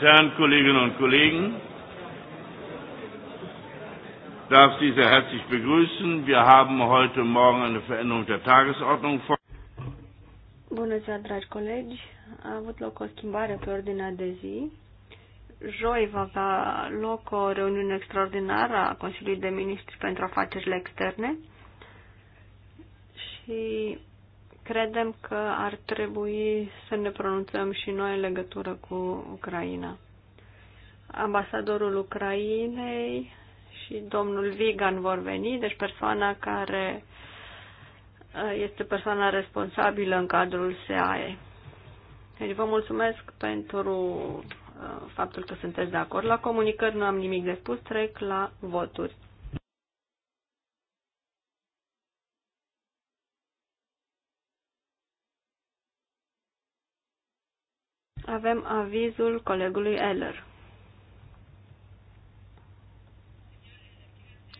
Herren Kolleginnen und Kollegen, ich darf Sie sehr herzlich begrüßen. Wir haben heute Morgen eine Veränderung der Tagesordnung vor. Bună ziua, dragi colegi! A avut loc o schimbare pe ordinea de zi. Joi va avea loc o reuniune extraordinară a Consiliului de Ministri pentru Afacerile Externe și Credem că ar trebui să ne pronunțăm și noi în legătură cu Ucraina. Ambasadorul Ucrainei și domnul Vigan vor veni, deci persoana care uh, este persoana responsabilă în cadrul SEAE. Deci vă mulțumesc pentru uh, faptul că sunteți de acord. La comunicări nu am nimic de spus, trec la voturi. Avem avizul colegului Eller.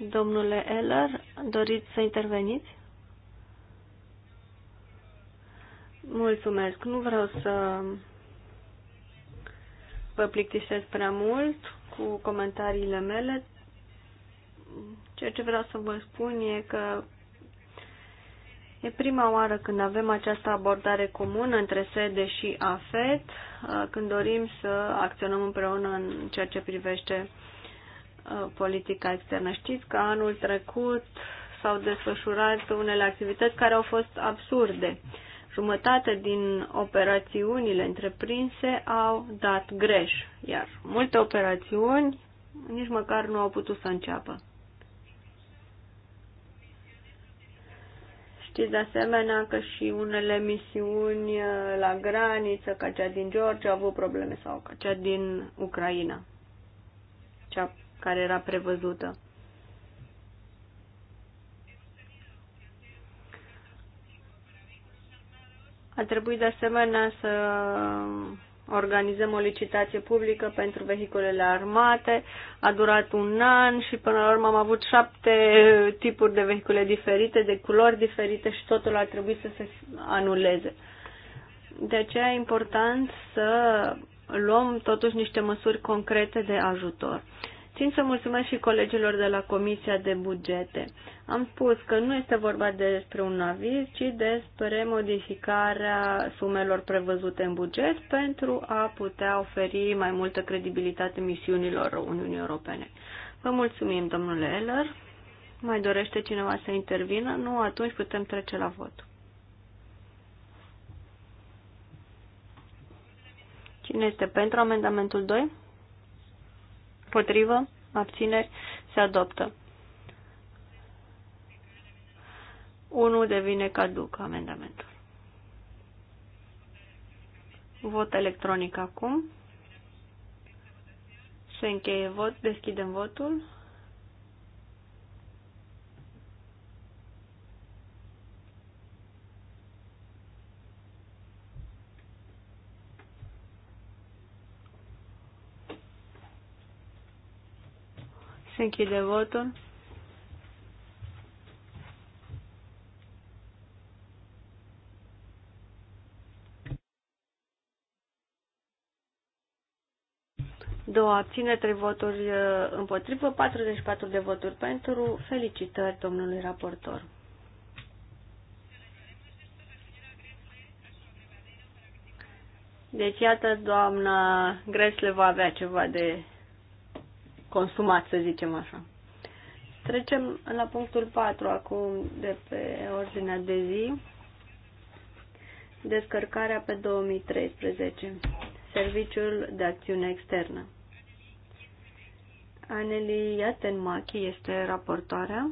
Domnule Eller, doriți să interveniți? Mulțumesc. Nu vreau să vă plictisesc prea mult cu comentariile mele. Ceea ce vreau să vă spun e că E prima oară când avem această abordare comună între SEDE și AFET, uh, când dorim să acționăm împreună în ceea ce privește uh, politica externă. Știți că anul trecut s-au desfășurat unele activități care au fost absurde. Jumătate din operațiunile întreprinse au dat greș, iar multe operațiuni nici măcar nu au putut să înceapă. Știți de asemenea că și unele misiuni uh, la graniță, ca cea din Georgia, au avut probleme sau ca cea din Ucraina, cea care era prevăzută. A trebuit de asemenea să organizăm o licitație publică pentru vehiculele armate, a durat un an și până la urmă am avut șapte tipuri de vehicule diferite, de culori diferite și totul a trebuit să se anuleze. De aceea e important să luăm totuși niște măsuri concrete de ajutor. Țin să mulțumesc și colegilor de la Comisia de Bugete. Am spus că nu este vorba despre un aviz, ci despre modificarea sumelor prevăzute în buget pentru a putea oferi mai multă credibilitate misiunilor Uniunii Europene. Vă mulțumim, domnule Eller. Mai dorește cineva să intervină? Nu, atunci putem trece la vot. Cine este pentru amendamentul 2? Potrivă? Abțineri? Se adoptă. 1 devine caduc amendamentul. Vot electronic acum. Se încheie vot, deschidem votul. Se închide votul. Două abține, trei voturi uh, împotrivă, 44 de voturi pentru. Felicitări domnului raportor. Deci, iată, doamna Gresle va avea ceva de consumat, să zicem așa. Trecem la punctul 4 acum de pe ordinea de zi. Descărcarea pe 2013. Serviciul de acțiune externă. Aneli Iatenmachi este raportoarea.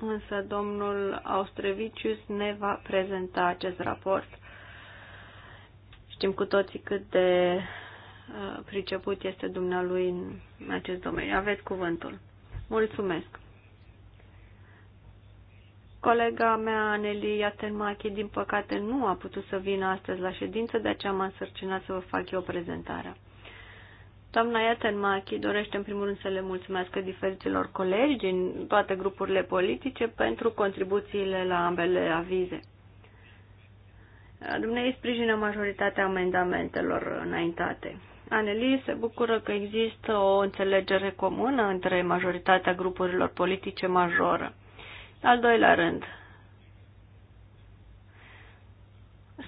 Însă domnul Austrevicius ne va prezenta acest raport. Știm cu toții cât de Uh, priceput este dumnealui în acest domeniu. Aveți cuvântul. Mulțumesc. Colega mea, Aneli Iatenmachi, din păcate nu a putut să vină astăzi la ședință, de aceea m-am sărcinat să vă fac eu prezentarea. Doamna Iatenmachi dorește în primul rând să le mulțumesc diferiților colegi din toate grupurile politice pentru contribuțiile la ambele avize. Dumnezeu sprijină majoritatea amendamentelor înaintate. Aneli se bucură că există o înțelegere comună între majoritatea grupurilor politice majoră. Al doilea rând,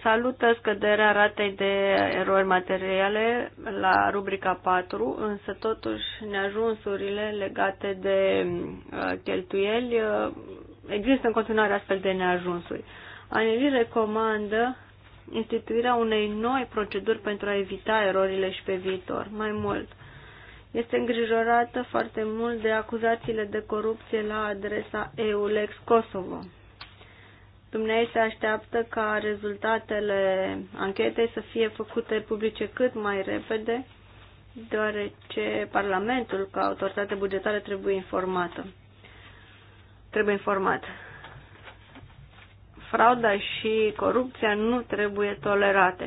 salută scăderea ratei de erori materiale la rubrica 4, însă totuși neajunsurile legate de uh, cheltuieli uh, există în continuare astfel de neajunsuri. Aneli recomandă instituirea unei noi proceduri pentru a evita erorile și pe viitor. Mai mult, este îngrijorată foarte mult de acuzațiile de corupție la adresa EULEX Kosovo. Dumnezeu se așteaptă ca rezultatele anchetei să fie făcute publice cât mai repede, deoarece Parlamentul, ca autoritate bugetară, trebuie informată. Trebuie informat frauda și corupția nu trebuie tolerate.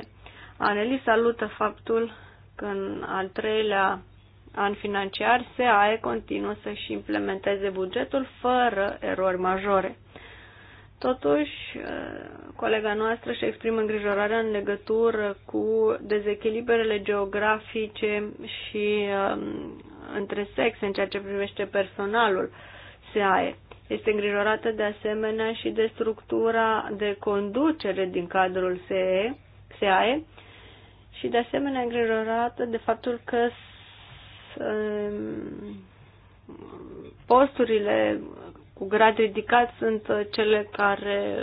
Aneli salută faptul că în al treilea an financiar SAE continuă să-și implementeze bugetul fără erori majore. Totuși, colega noastră își exprimă îngrijorarea în legătură cu dezechilibrele geografice și um, între sexe în ceea ce privește personalul SAE. Este îngrijorată de asemenea și de structura de conducere din cadrul SEE, SEAE și de asemenea îngrijorată de faptul că um, posturile cu grad ridicat sunt cele care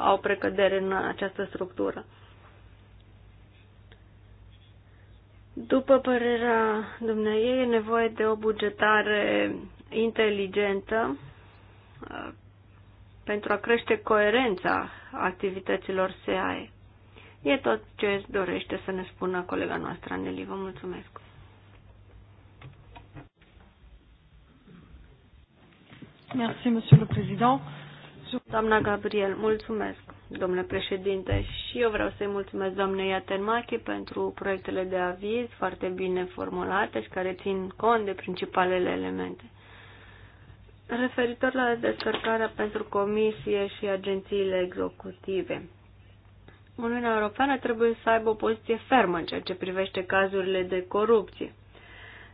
au precădere în această structură. După părerea dumneavoastră, e nevoie de o bugetare inteligentă pentru a crește coerența activităților SEAE. E tot ce dorește să ne spună colega noastră, Aneli. Vă mulțumesc! Merci, Monsieur le Président. Doamna Gabriel, mulțumesc, domnule președinte, și eu vreau să-i mulțumesc doamnei Atenmachi pentru proiectele de aviz foarte bine formulate și care țin cont de principalele elemente. Referitor la descărcarea pentru comisie și agențiile executive, Uniunea Europeană trebuie să aibă o poziție fermă în ceea ce privește cazurile de corupție.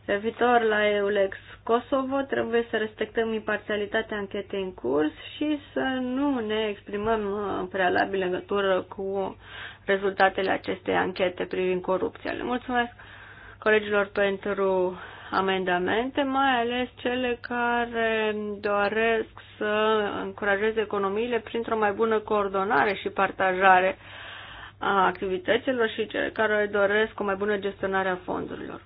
Referitor la EULEX Kosovo, trebuie să respectăm imparțialitatea anchetei în curs și să nu ne exprimăm în prealabil legătură cu rezultatele acestei anchete privind corupția. Le mulțumesc colegilor pentru amendamente, mai ales cele care doresc să încurajeze economiile printr-o mai bună coordonare și partajare a activităților și cele care doresc o mai bună gestionare a fondurilor.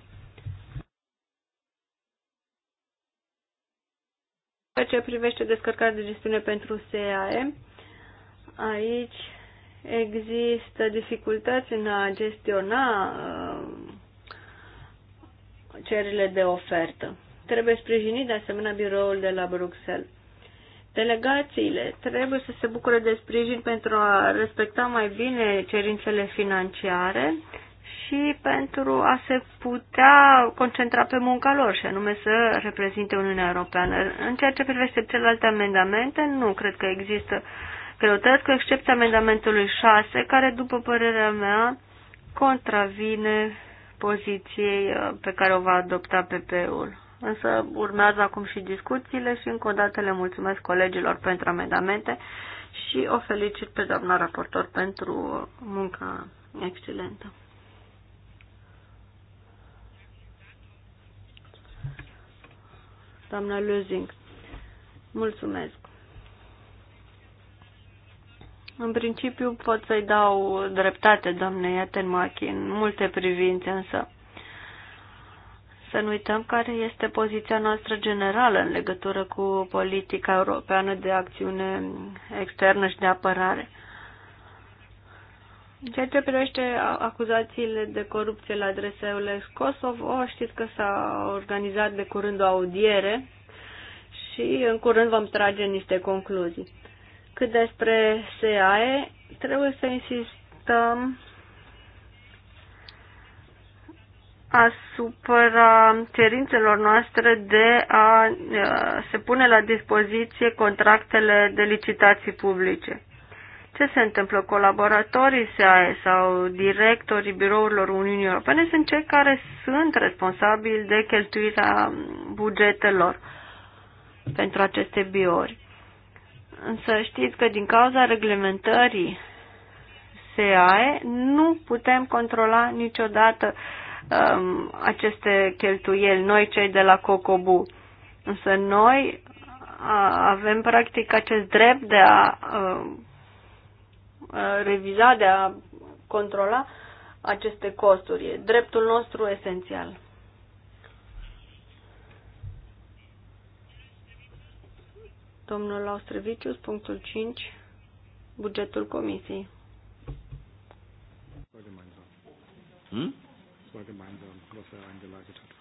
Ceea ce privește descărcarea de gestiune pentru SEAE aici există dificultăți în a gestiona uh, cererile de ofertă. Trebuie sprijinit de asemenea biroul de la Bruxelles. Delegațiile trebuie să se bucure de sprijin pentru a respecta mai bine cerințele financiare și pentru a se putea concentra pe munca lor și anume să reprezinte Uniunea Europeană. În ceea ce privește celelalte amendamente, nu cred că există greutăți, cu excepția amendamentului 6, care, după părerea mea, contravine poziției uh, pe care o va adopta PP-ul. Însă urmează acum și discuțiile și încă o dată le mulțumesc colegilor pentru amendamente și o felicit pe doamna raportor pentru munca excelentă. Doamna Luzing, mulțumesc. În principiu pot să-i dau dreptate doamnei Atenmachi în multe privințe, însă să nu uităm care este poziția noastră generală în legătură cu politica europeană de acțiune externă și de apărare. În ceea ce privește acuzațiile de corupție la adresa EULEX Kosovo, știți că s-a organizat de curând o audiere și în curând vom trage niște concluzii. Cât despre SEAE, trebuie să insistăm asupra cerințelor noastre de a se pune la dispoziție contractele de licitații publice. Ce se întâmplă? Colaboratorii SEAE sau directorii birourilor Uniunii Europene sunt cei care sunt responsabili de cheltuirea bugetelor pentru aceste biori. Însă știți că din cauza reglementării SEAE nu putem controla niciodată um, aceste cheltuieli, noi cei de la COCOBU. Însă noi a, avem practic acest drept de a, a, um, a reviza, de a controla aceste costuri. E dreptul nostru esențial. domnul Austrevicius, punctul 5, bugetul comisiei. Hm?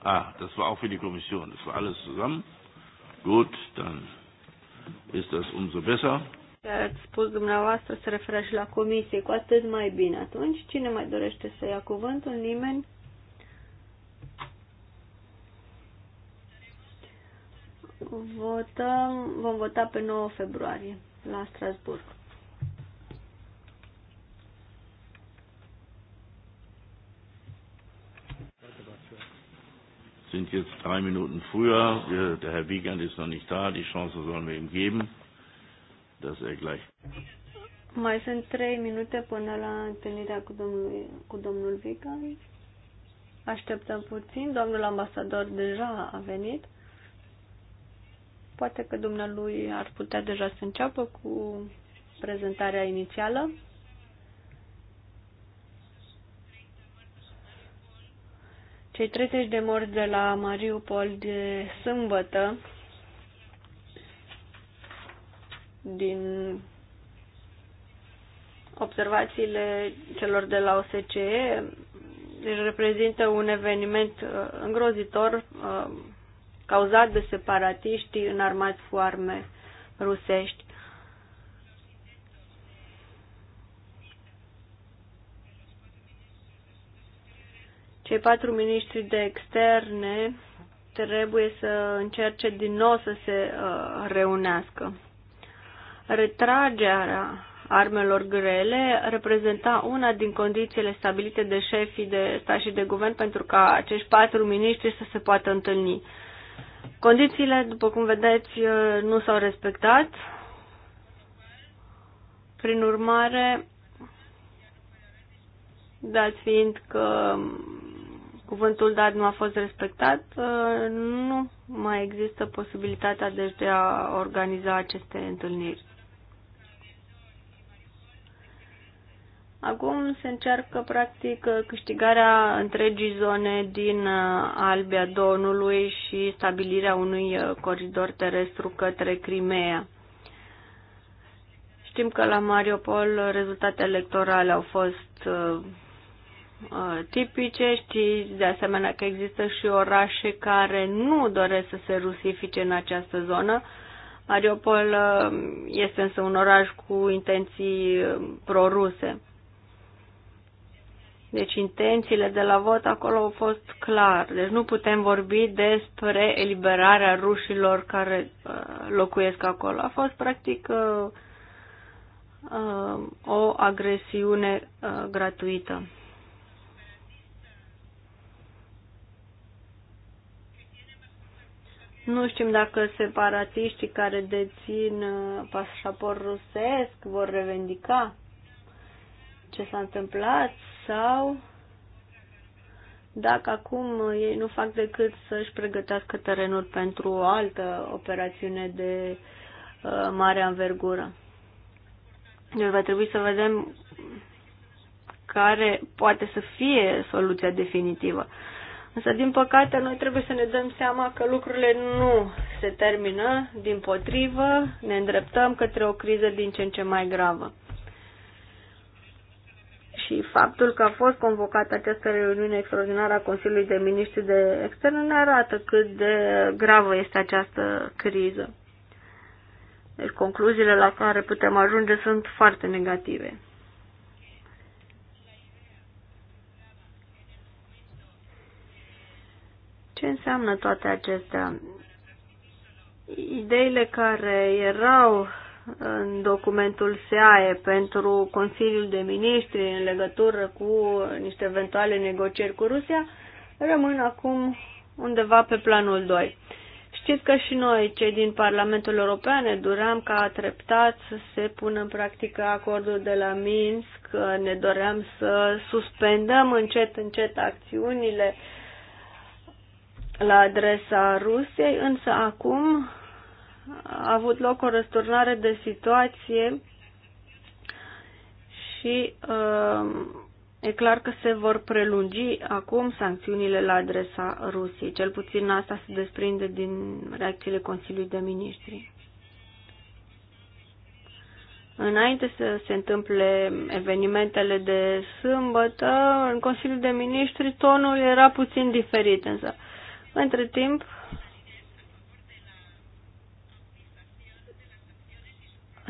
Ah, das war auch für die Kommission. Das war alles zusammen. Gut, dann ist das umso besser. Ați spus dumneavoastră să referă și la comisie, cu atât mai bine. Atunci, cine mai dorește să ia cuvântul? Nimeni? votăm, vom vota pe 9 februarie la Strasburg. sind jetzt drei Minuten früher. Wir, der Herr Wiegand ist noch nicht da. Die Chance sollen wir ihm geben, dass er gleich. Mai sunt trei minute până la întâlnirea cu domnul, cu domnul Vigan. Așteptăm puțin. Domnul ambasador deja a venit. Poate că dumnealui ar putea deja să înceapă cu prezentarea inițială. Cei 30 de morți de la Mariupol de sâmbătă din observațiile celor de la OSCE deci reprezintă un eveniment uh, îngrozitor uh, cauzat de separatiștii înarmați cu arme rusești. Cei patru miniștri de externe trebuie să încerce din nou să se uh, reunească. Retragerea armelor grele reprezenta una din condițiile stabilite de șefii de stat și de guvern pentru ca acești patru miniștri să se poată întâlni. Condițiile, după cum vedeți, uh, nu s-au respectat. Prin urmare, dat fiind că cuvântul dat nu a fost respectat, uh, nu mai există posibilitatea deci de a organiza aceste întâlniri. Acum se încearcă, practic, câștigarea întregii zone din uh, Albia Donului și stabilirea unui uh, coridor terestru către Crimea. Știm că la Mariupol rezultatele electorale au fost uh, uh, tipice, știți de asemenea că există și orașe care nu doresc să se rusifice în această zonă. Mariupol este însă un oraș cu intenții proruse. Deci intențiile de la vot acolo au fost clar. Deci nu putem vorbi despre eliberarea rușilor care uh, locuiesc acolo. A fost practic uh, uh, o agresiune uh, gratuită. Nu știm dacă separatiștii care dețin uh, pașaport rusesc vor revendica ce s-a întâmplat sau dacă acum ei nu fac decât să-și pregătească terenul pentru o altă operațiune de uh, mare anvergură. Deci va trebui să vedem care poate să fie soluția definitivă. Însă, din păcate, noi trebuie să ne dăm seama că lucrurile nu se termină, din potrivă, ne îndreptăm către o criză din ce în ce mai gravă și faptul că a fost convocată această reuniune extraordinară a Consiliului de Ministri de Externe ne arată cât de gravă este această criză. Deci concluziile la care putem ajunge sunt foarte negative. Ce înseamnă toate acestea? Ideile care erau în documentul SEAE pentru Consiliul de Ministri în legătură cu niște eventuale negocieri cu Rusia rămân acum undeva pe planul 2. Știți că și noi, cei din Parlamentul European, ne doream ca treptat să se pună în practică acordul de la Minsk, ne doream să suspendăm încet, încet acțiunile la adresa Rusiei, însă acum a avut loc o răsturnare de situație și uh, e clar că se vor prelungi acum sancțiunile la adresa Rusiei. Cel puțin asta se desprinde din reacțiile Consiliului de Ministri. Înainte să se întâmple evenimentele de sâmbătă, în Consiliul de Ministri tonul era puțin diferit, însă între timp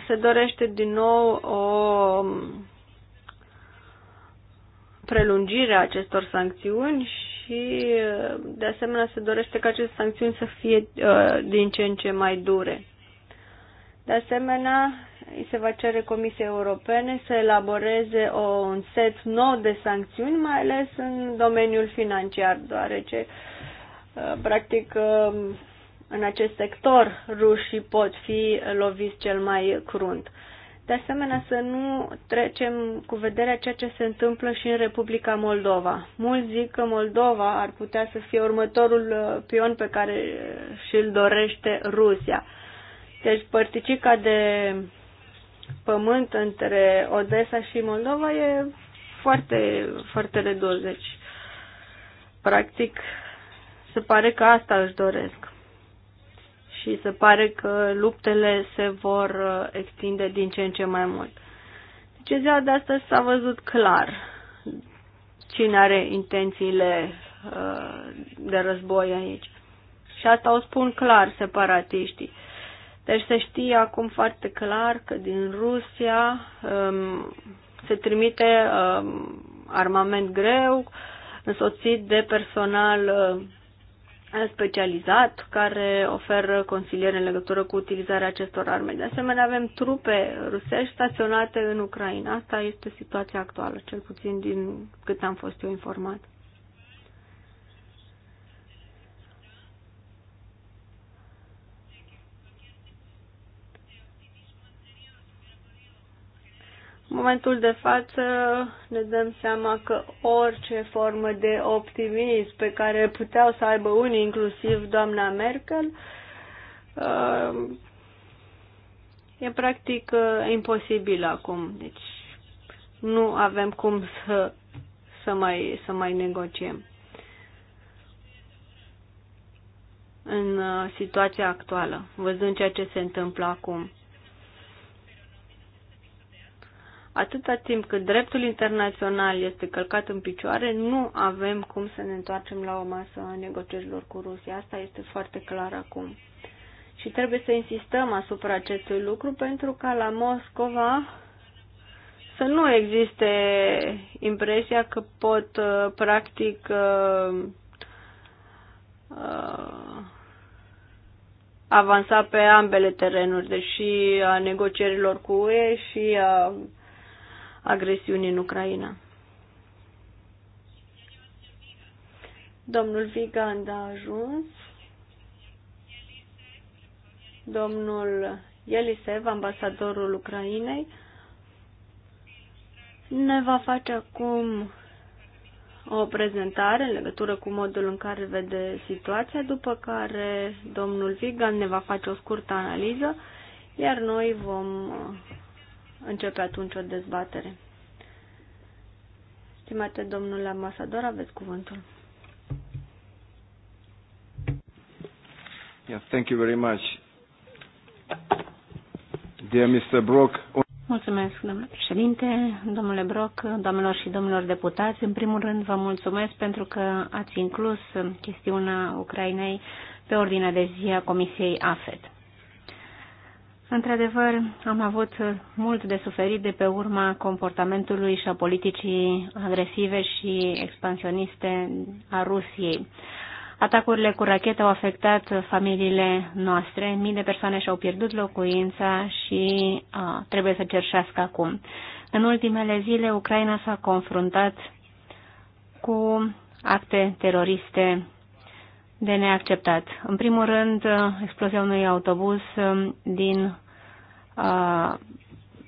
se dorește din nou o prelungire a acestor sancțiuni și, de asemenea, se dorește ca aceste sancțiuni să fie uh, din ce în ce mai dure. De asemenea, îi se va cere Comisiei Europene să elaboreze o, un set nou de sancțiuni, mai ales în domeniul financiar, deoarece, uh, practic, uh, în acest sector rușii pot fi loviți cel mai crunt. De asemenea, să nu trecem cu vederea ceea ce se întâmplă și în Republica Moldova. Mulți zic că Moldova ar putea să fie următorul uh, pion pe care și-l dorește Rusia. Deci părticica de pământ între Odessa și Moldova e foarte, foarte redus. Deci, practic, se pare că asta își doresc și se pare că luptele se vor uh, extinde din ce în ce mai mult. Deci ziua de astăzi s-a văzut clar cine are intențiile uh, de război aici. Și asta o spun clar separatiștii. Deci se știe acum foarte clar că din Rusia um, se trimite um, armament greu, însoțit de personal uh, specializat care oferă consiliere în legătură cu utilizarea acestor arme. De asemenea, avem trupe rusești staționate în Ucraina. Asta este situația actuală, cel puțin din cât am fost eu informat. În momentul de față ne dăm seama că orice formă de optimism pe care puteau să aibă unii, inclusiv doamna Merkel, uh, e practic uh, imposibil acum. Deci nu avem cum să, să, mai, să mai negociem. în uh, situația actuală, văzând ceea ce se întâmplă acum. Atâta timp cât dreptul internațional este călcat în picioare, nu avem cum să ne întoarcem la o masă a negocierilor cu Rusia. Asta este foarte clar acum. Și trebuie să insistăm asupra acestui lucru pentru ca la Moscova să nu existe impresia că pot uh, practic uh, uh, avansa pe ambele terenuri, deși a negocierilor cu UE și a agresiunii în Ucraina. Domnul Vigand a ajuns. Domnul Elisev, ambasadorul Ucrainei, ne va face acum o prezentare în legătură cu modul în care vede situația, după care domnul Vigan ne va face o scurtă analiză, iar noi vom începe atunci o dezbatere. Stimate domnule ambasador, aveți cuvântul. Yeah, thank you very much. Dear Mr. Brock. Mulțumesc, domnule președinte, domnule Brock, domnilor și domnilor deputați. În primul rând, vă mulțumesc pentru că ați inclus chestiunea Ucrainei pe ordinea de zi a Comisiei AFET. Într-adevăr, am avut mult de suferit de pe urma comportamentului și a politicii agresive și expansioniste a Rusiei. Atacurile cu rachete au afectat familiile noastre, mii de persoane și-au pierdut locuința și a, trebuie să cerșească acum. În ultimele zile, Ucraina s-a confruntat cu acte teroriste de neacceptat. În primul rând, uh, explozia unui autobuz uh, din, uh,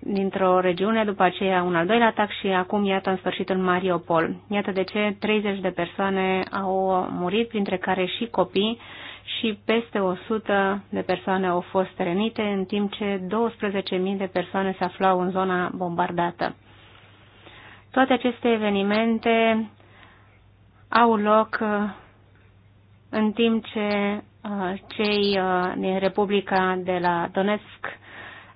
dintr-o regiune, după aceea un al doilea atac și acum, iată, în sfârșit, în Mariupol. Iată de ce 30 de persoane au murit, printre care și copii, și peste 100 de persoane au fost rănite, în timp ce 12.000 de persoane se aflau în zona bombardată. Toate aceste evenimente au loc în timp ce uh, cei uh, din Republica de la Donetsk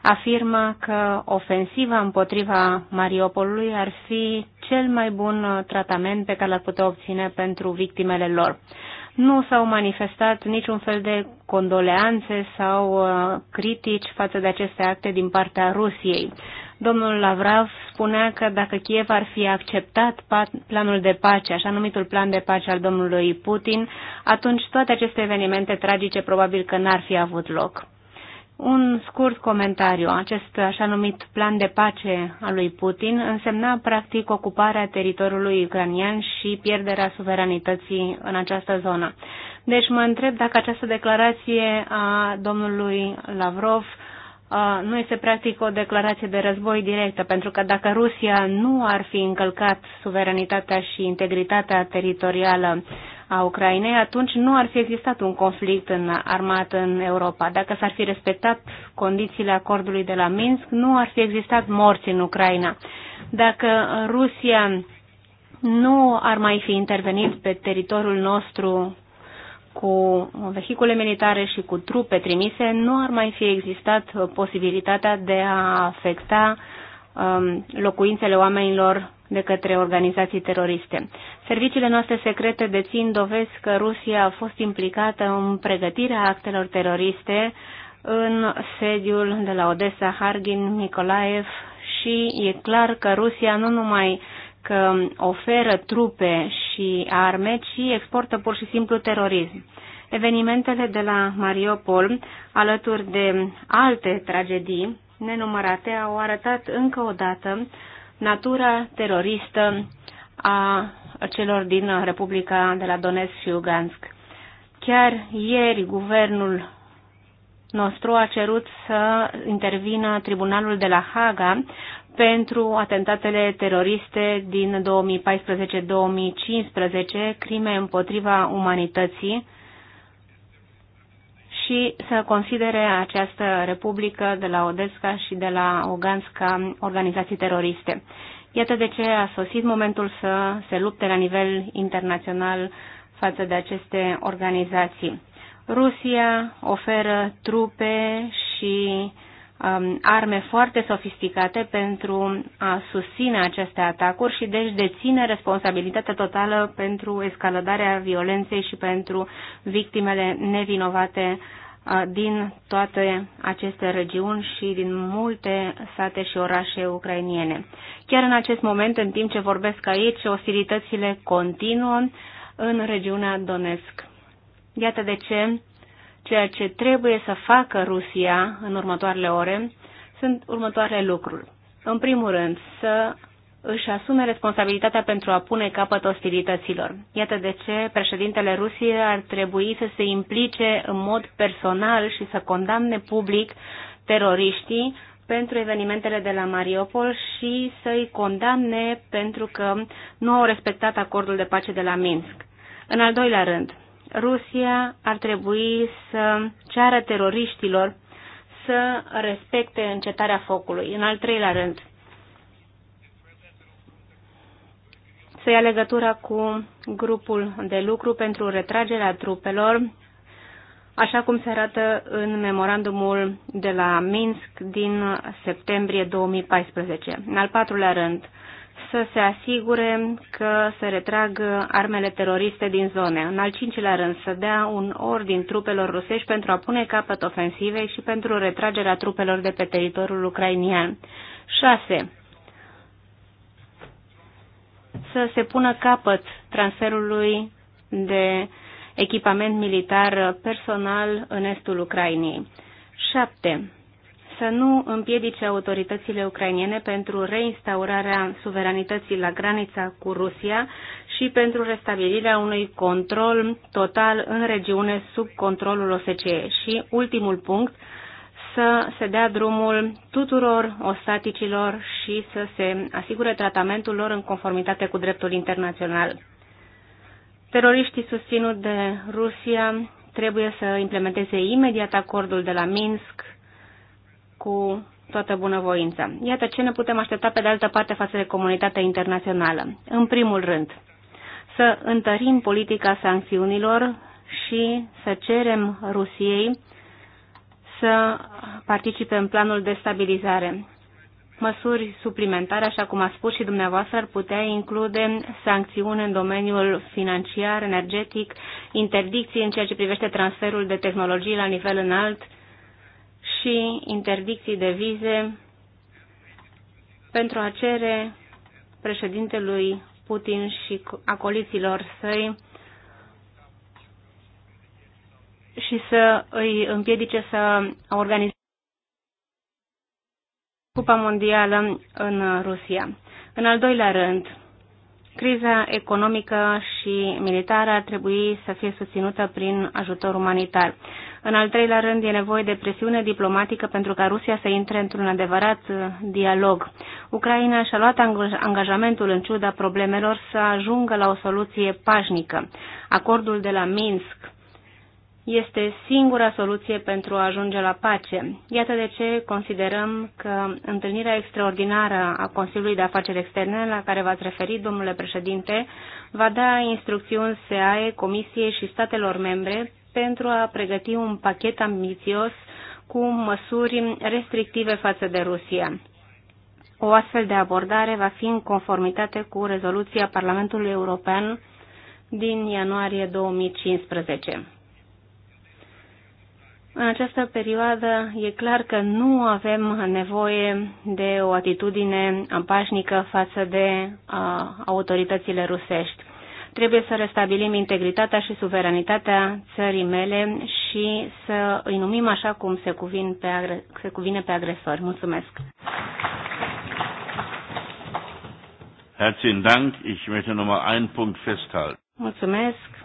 afirmă că ofensiva împotriva Mariupolului ar fi cel mai bun uh, tratament pe care l-ar putea obține pentru victimele lor. Nu s-au manifestat niciun fel de condoleanțe sau critici față de aceste acte din partea Rusiei. Domnul Lavrov spunea că dacă Kiev ar fi acceptat planul de pace, așa numitul plan de pace al domnului Putin, atunci toate aceste evenimente tragice probabil că n-ar fi avut loc. Un scurt comentariu. Acest așa numit plan de pace al lui Putin însemna practic ocuparea teritoriului ucranian și pierderea suveranității în această zonă. Deci mă întreb dacă această declarație a domnului Lavrov nu este practic o declarație de război directă, pentru că dacă Rusia nu ar fi încălcat suveranitatea și integritatea teritorială a Ucrainei, atunci nu ar fi existat un conflict în armat în Europa. Dacă s-ar fi respectat condițiile acordului de la Minsk, nu ar fi existat morți în Ucraina. Dacă Rusia nu ar mai fi intervenit pe teritoriul nostru cu vehicule militare și cu trupe trimise, nu ar mai fi existat uh, posibilitatea de a afecta um, locuințele oamenilor de către organizații teroriste. Serviciile noastre secrete dețin dovezi că Rusia a fost implicată în pregătirea actelor teroriste în sediul de la Odessa, Hargin, Nikolaev și e clar că Rusia nu numai că oferă trupe și arme, ci exportă pur și simplu terorism. Evenimentele de la Mariupol, alături de alte tragedii nenumărate, au arătat încă o dată natura teroristă a celor din Republica de la Donetsk și Lugansk. Chiar ieri, guvernul nostru a cerut să intervină Tribunalul de la Haga pentru atentatele teroriste din 2014-2015, crime împotriva umanității, și să considere această republică de la Odesca și de la Oganska organizații teroriste. Iată de ce a sosit momentul să se lupte la nivel internațional față de aceste organizații. Rusia oferă trupe și Um, arme foarte sofisticate pentru a susține aceste atacuri și deci deține responsabilitatea totală pentru escaladarea violenței și pentru victimele nevinovate uh, din toate aceste regiuni și din multe sate și orașe ucrainiene. Chiar în acest moment, în timp ce vorbesc aici, ostilitățile continuă în regiunea Donetsk. Iată de ce Ceea ce trebuie să facă Rusia în următoarele ore sunt următoarele lucruri. În primul rând, să își asume responsabilitatea pentru a pune capăt ostilităților. Iată de ce președintele Rusiei ar trebui să se implice în mod personal și să condamne public teroriștii pentru evenimentele de la Mariupol și să-i condamne pentru că nu au respectat acordul de pace de la Minsk. În al doilea rând, Rusia ar trebui să ceară teroriștilor să respecte încetarea focului. În al treilea rând, să ia legătura cu grupul de lucru pentru retragerea trupelor, așa cum se arată în memorandumul de la Minsk din septembrie 2014. În al patrulea rând, să se asigure că se retrag armele teroriste din zone. În al cincilea rând, să dea un ordin trupelor rusești pentru a pune capăt ofensivei și pentru retragerea trupelor de pe teritoriul ucrainian. 6. Să se pună capăt transferului de echipament militar personal în estul Ucrainei. 7 să nu împiedice autoritățile ucrainiene pentru reinstaurarea suveranității la granița cu Rusia și pentru restabilirea unui control total în regiune sub controlul OSCE. Și ultimul punct, să se dea drumul tuturor ostaticilor și să se asigure tratamentul lor în conformitate cu dreptul internațional. Teroriștii susținut de Rusia trebuie să implementeze imediat acordul de la Minsk cu toată bunăvoința. Iată ce ne putem aștepta pe de altă parte față de comunitatea internațională. În primul rând, să întărim politica sancțiunilor și să cerem Rusiei să participe în planul de stabilizare. Măsuri suplimentare, așa cum a spus și dumneavoastră, ar putea include sancțiuni în domeniul financiar, energetic, interdicții în ceea ce privește transferul de tehnologii la nivel înalt și interdicții de vize pentru a cere președintelui Putin și acoliților săi și să îi împiedice să organizeze Cupa Mondială în Rusia. În al doilea rând, Criza economică și militară ar trebui să fie susținută prin ajutor umanitar. În al treilea rând, e nevoie de presiune diplomatică pentru ca Rusia să intre într-un adevărat uh, dialog. Ucraina și-a luat angajamentul în ciuda problemelor să ajungă la o soluție pașnică. Acordul de la Minsk este singura soluție pentru a ajunge la pace. Iată de ce considerăm că întâlnirea extraordinară a Consiliului de Afaceri Externe, la care v-ați referit, domnule președinte, va da instrucțiuni SEAE, Comisiei și statelor membre pentru a pregăti un pachet ambițios cu măsuri restrictive față de Rusia. O astfel de abordare va fi în conformitate cu rezoluția Parlamentului European din ianuarie 2015. În această perioadă e clar că nu avem nevoie de o atitudine pașnică față de a, autoritățile rusești. Trebuie să restabilim integritatea și suveranitatea țării mele și să îi numim așa cum se, cuvin pe agre- se cuvine pe agresori. Mulțumesc! Herzlichen Dank. Ich möchte nochmal einen Punkt festhalten. Mulțumesc.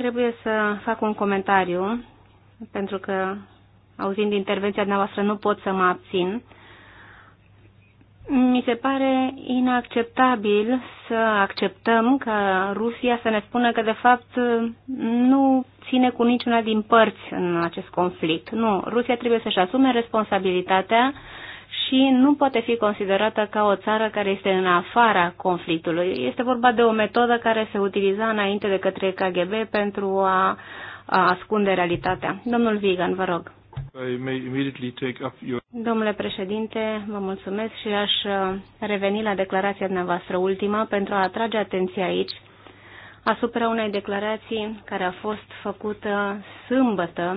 trebuie să fac un comentariu, pentru că, auzind intervenția dumneavoastră, nu pot să mă abțin. Mi se pare inacceptabil să acceptăm că Rusia să ne spună că, de fapt, nu ține cu niciuna din părți în acest conflict. Nu, Rusia trebuie să-și asume responsabilitatea și nu poate fi considerată ca o țară care este în afara conflictului. Este vorba de o metodă care se utiliza înainte de către KGB pentru a, a ascunde realitatea. Domnul Vigan, vă rog. Domnule președinte, vă mulțumesc și aș uh, reveni la declarația dumneavoastră ultima pentru a atrage atenția aici asupra unei declarații care a fost făcută sâmbătă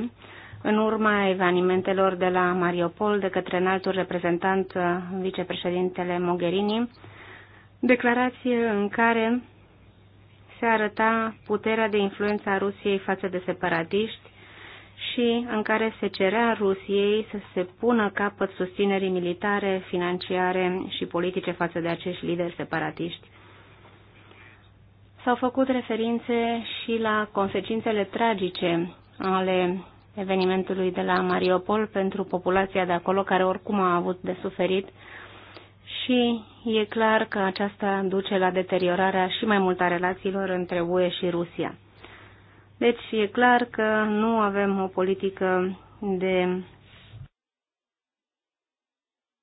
în urma evenimentelor de la Mariupol de către înaltul reprezentant uh, vicepreședintele Mogherini, declarație în care se arăta puterea de influență a Rusiei față de separatiști și în care se cerea Rusiei să se pună capăt susținerii militare, financiare și politice față de acești lideri separatiști. S-au făcut referințe și la consecințele tragice ale evenimentului de la Mariupol pentru populația de acolo, care oricum a avut de suferit și e clar că aceasta duce la deteriorarea și mai mult a relațiilor între UE și Rusia. Deci e clar că nu avem o politică de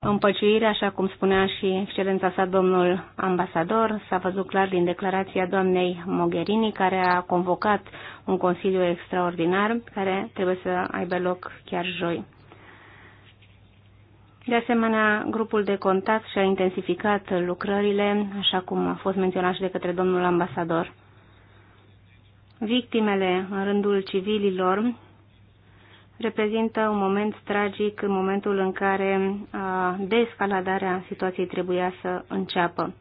împăciuire, așa cum spunea și excelența sa domnul ambasador, s-a văzut clar din declarația doamnei Mogherini, care a convocat un consiliu extraordinar, care trebuie să aibă loc chiar joi. De asemenea, grupul de contact și-a intensificat lucrările, așa cum a fost menționat și de către domnul ambasador. Victimele în rândul civililor reprezintă un moment tragic în momentul în care descaladarea situației trebuia să înceapă.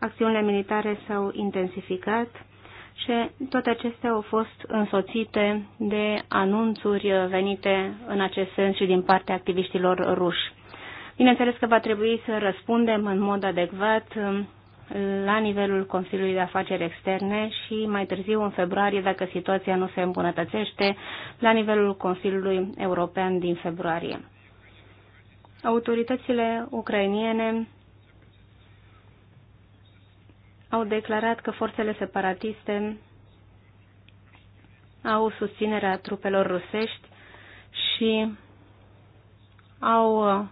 Acțiunile militare s-au intensificat și toate acestea au fost însoțite de anunțuri venite în acest sens și din partea activiștilor ruși. Bineînțeles că va trebui să răspundem în mod adecvat la nivelul Consiliului de Afaceri Externe și mai târziu, în februarie, dacă situația nu se îmbunătățește, la nivelul Consiliului European din februarie. Autoritățile ucrainiene au declarat că forțele separatiste au susținerea trupelor rusești și au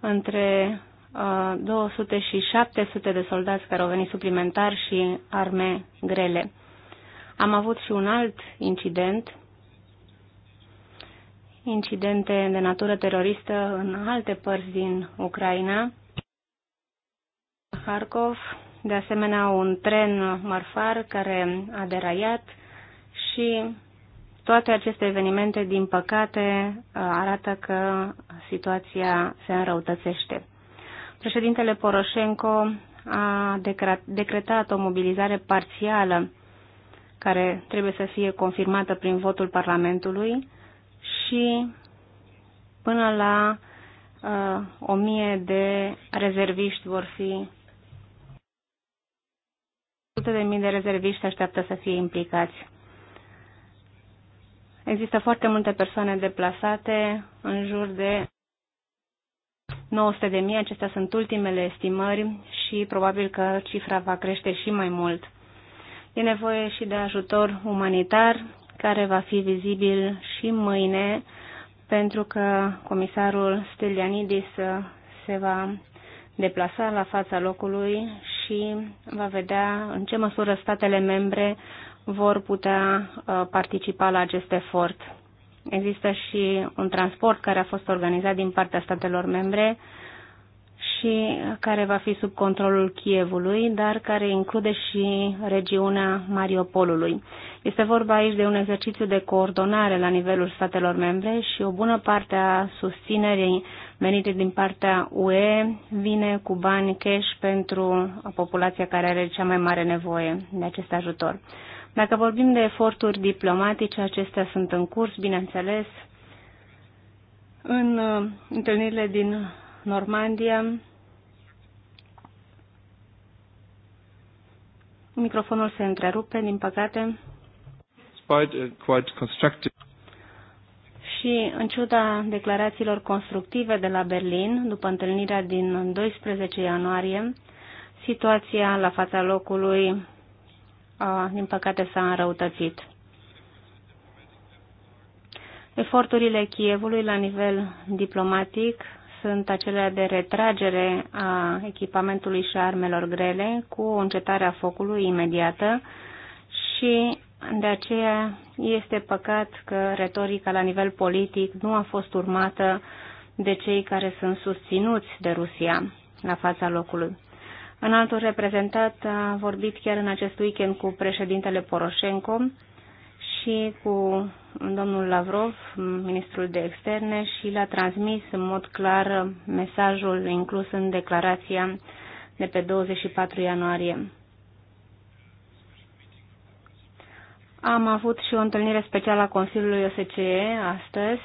între 200 uh, și 700 de soldați care au venit suplimentar și arme grele. Am avut și un alt incident, incidente de natură teroristă în alte părți din Ucraina, Kharkov, de asemenea un tren mărfar care a deraiat și toate aceste evenimente, din păcate, uh, arată că situația se înrăutățește. Președintele Poroșenko a decretat o mobilizare parțială care trebuie să fie confirmată prin votul Parlamentului și până la uh, o mie de rezerviști vor fi sute de mii de rezerviști așteaptă să fie implicați. Există foarte multe persoane deplasate în jur de 900.000, de mii, acestea sunt ultimele estimări și probabil că cifra va crește și mai mult. E nevoie și de ajutor umanitar, care va fi vizibil și mâine, pentru că comisarul Stelianidis se va deplasa la fața locului și va vedea în ce măsură statele membre vor putea uh, participa la acest efort. Există și un transport care a fost organizat din partea statelor membre și care va fi sub controlul Kievului, dar care include și regiunea Mariupolului. Este vorba aici de un exercițiu de coordonare la nivelul statelor membre și o bună parte a susținerii venite din partea UE vine cu bani cash pentru populația care are cea mai mare nevoie de acest ajutor. Dacă vorbim de eforturi diplomatice, acestea sunt în curs, bineînțeles. În uh, întâlnirile din Normandia, microfonul se întrerupe, din păcate. Quite constructive. Și în ciuda declarațiilor constructive de la Berlin, după întâlnirea din 12 ianuarie, situația la fața locului din păcate, s-a înrăutățit. Eforturile Chievului la nivel diplomatic sunt acelea de retragere a echipamentului și armelor grele cu o a focului imediată și de aceea este păcat că retorica la nivel politic nu a fost urmată de cei care sunt susținuți de Rusia la fața locului altul reprezentat a vorbit chiar în acest weekend cu președintele Poroșenko și cu domnul Lavrov, ministrul de externe, și l-a transmis în mod clar mesajul inclus în declarația de pe 24 ianuarie. Am avut și o întâlnire specială a Consiliului OSCE astăzi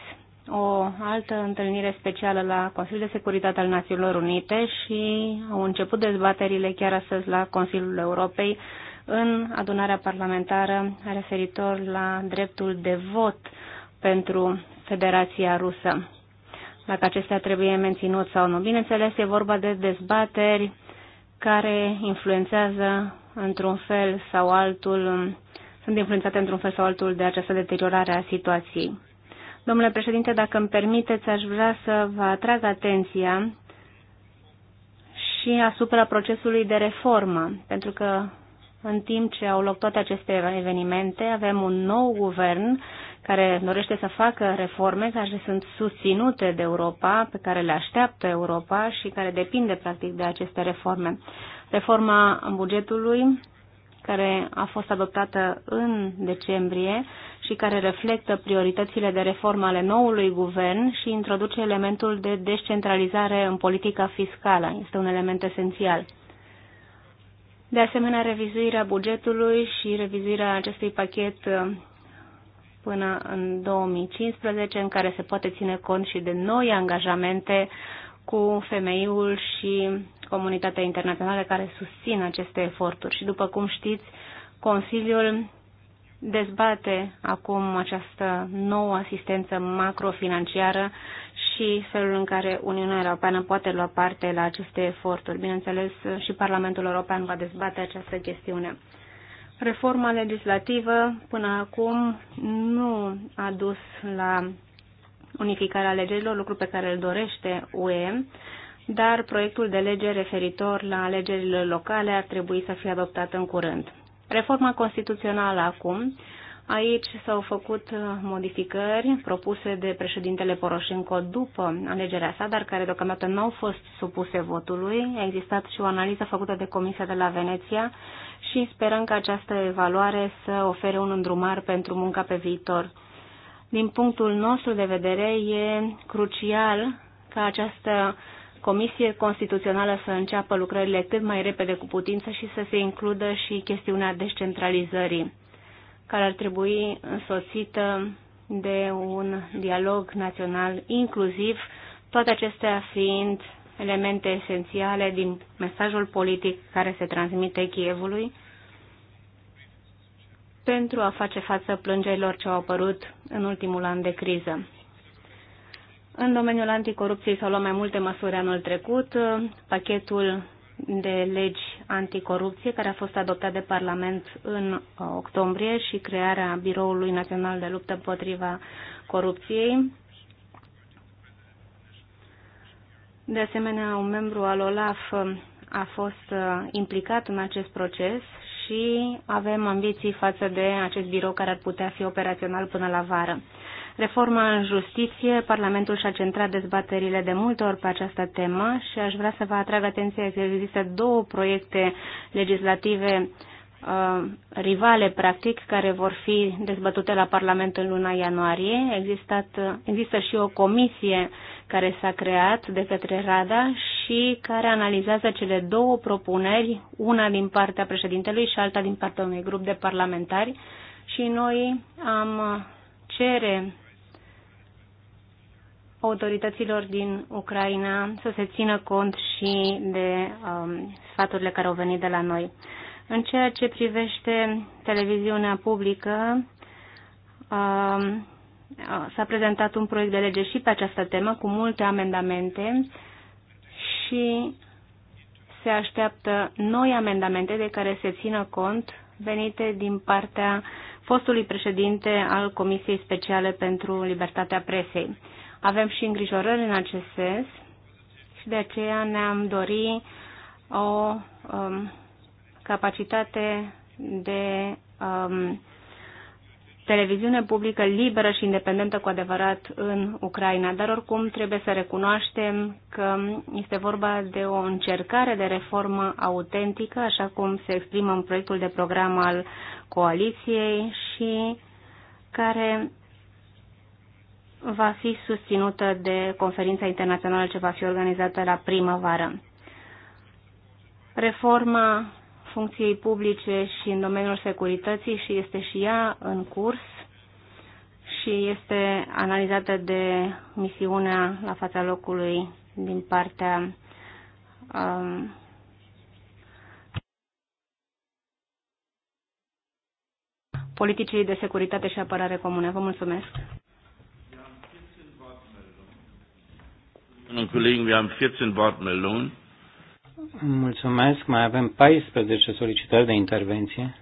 o altă întâlnire specială la Consiliul de Securitate al Națiunilor Unite și au început dezbaterile chiar astăzi la Consiliul Europei în adunarea parlamentară referitor la dreptul de vot pentru Federația Rusă. Dacă acestea trebuie menținut sau nu. Bineînțeles, e vorba de dezbateri care influențează într-un fel sau altul, sunt influențate într-un fel sau altul de această deteriorare a situației. Domnule președinte, dacă îmi permiteți, aș vrea să vă atrag atenția și asupra procesului de reformă, pentru că în timp ce au loc toate aceste evenimente, avem un nou guvern care dorește să facă reforme care sunt susținute de Europa, pe care le așteaptă Europa și care depinde practic de aceste reforme. Reforma bugetului, care a fost adoptată în decembrie, și care reflectă prioritățile de reformă ale noului guvern și introduce elementul de descentralizare în politica fiscală. Este un element esențial. De asemenea, revizuirea bugetului și revizuirea acestui pachet uh, până în 2015, în care se poate ține cont și de noi angajamente cu femeiul și comunitatea internațională care susțin aceste eforturi. Și după cum știți, Consiliul dezbate acum această nouă asistență macrofinanciară și felul în care Uniunea Europeană poate lua parte la aceste eforturi. Bineînțeles, și Parlamentul European va dezbate această chestiune. Reforma legislativă până acum nu a dus la unificarea alegerilor, lucru pe care îl dorește UE, dar proiectul de lege referitor la alegerile locale ar trebui să fie adoptat în curând. Reforma constituțională acum. Aici s-au făcut uh, modificări propuse de președintele Poroșenco după alegerea sa, dar care deocamdată nu au fost supuse votului. A existat și o analiză făcută de Comisia de la Veneția și sperăm că această evaluare să ofere un îndrumar pentru munca pe viitor. Din punctul nostru de vedere, e crucial ca această uh, Comisie Constituțională să înceapă lucrările cât mai repede cu putință și să se includă și chestiunea descentralizării, care ar trebui însoțită de un dialog național inclusiv, toate acestea fiind elemente esențiale din mesajul politic care se transmite Chievului pentru a face față plângerilor ce au apărut în ultimul an de criză. În domeniul anticorupției s-au luat mai multe măsuri anul trecut. Pachetul de legi anticorupție care a fost adoptat de Parlament în uh, octombrie și crearea Biroului Național de Luptă împotriva Corupției. De asemenea, un membru al OLAF a fost uh, implicat în acest proces și avem ambiții față de acest birou care ar putea fi operațional până la vară reforma în justiție, Parlamentul și-a centrat dezbaterile de multe ori pe această temă și aș vrea să vă atrag atenția că există două proiecte legislative uh, rivale, practic, care vor fi dezbătute la Parlament în luna ianuarie. Existat, uh, există și o comisie care s-a creat de către Rada și care analizează cele două propuneri, una din partea președintelui și alta din partea unui grup de parlamentari. Și noi am uh, cere autorităților din Ucraina să se țină cont și de um, sfaturile care au venit de la noi. În ceea ce privește televiziunea publică, um, s-a prezentat un proiect de lege și pe această temă cu multe amendamente și se așteaptă noi amendamente de care se țină cont venite din partea fostului președinte al Comisiei Speciale pentru Libertatea Presei. Avem și îngrijorări în acest sens și de aceea ne-am dori o um, capacitate de um, televiziune publică liberă și independentă cu adevărat în Ucraina. Dar oricum trebuie să recunoaștem că este vorba de o încercare de reformă autentică, așa cum se exprimă în proiectul de program al coaliției și care va fi susținută de conferința internațională ce va fi organizată la primăvară. Reforma funcției publice și în domeniul securității și este și ea în curs și este analizată de misiunea la fața locului din partea um, politicii de securitate și apărare comune. Vă mulțumesc! Mulțumesc, mai avem 14 solicitări de intervenție.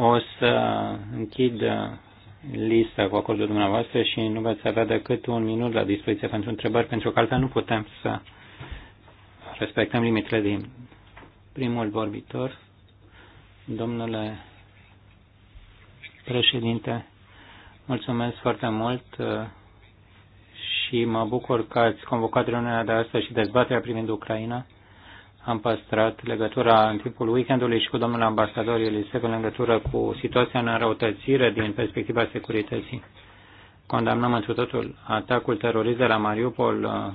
O să închid lista cu acordul dumneavoastră și nu veți avea decât un minut la dispoziție pentru întrebări, pentru că altfel nu putem să respectăm limitele din primul vorbitor. Domnule președinte, mulțumesc foarte mult și mă bucur că ați convocat reuniunea de astăzi și dezbaterea privind Ucraina. Am păstrat legătura în timpul weekendului și cu domnul ambasador Elisev în legătură cu situația în înrăutățire din perspectiva securității. Condamnăm întru totul atacul terorist de la Mariupol uh,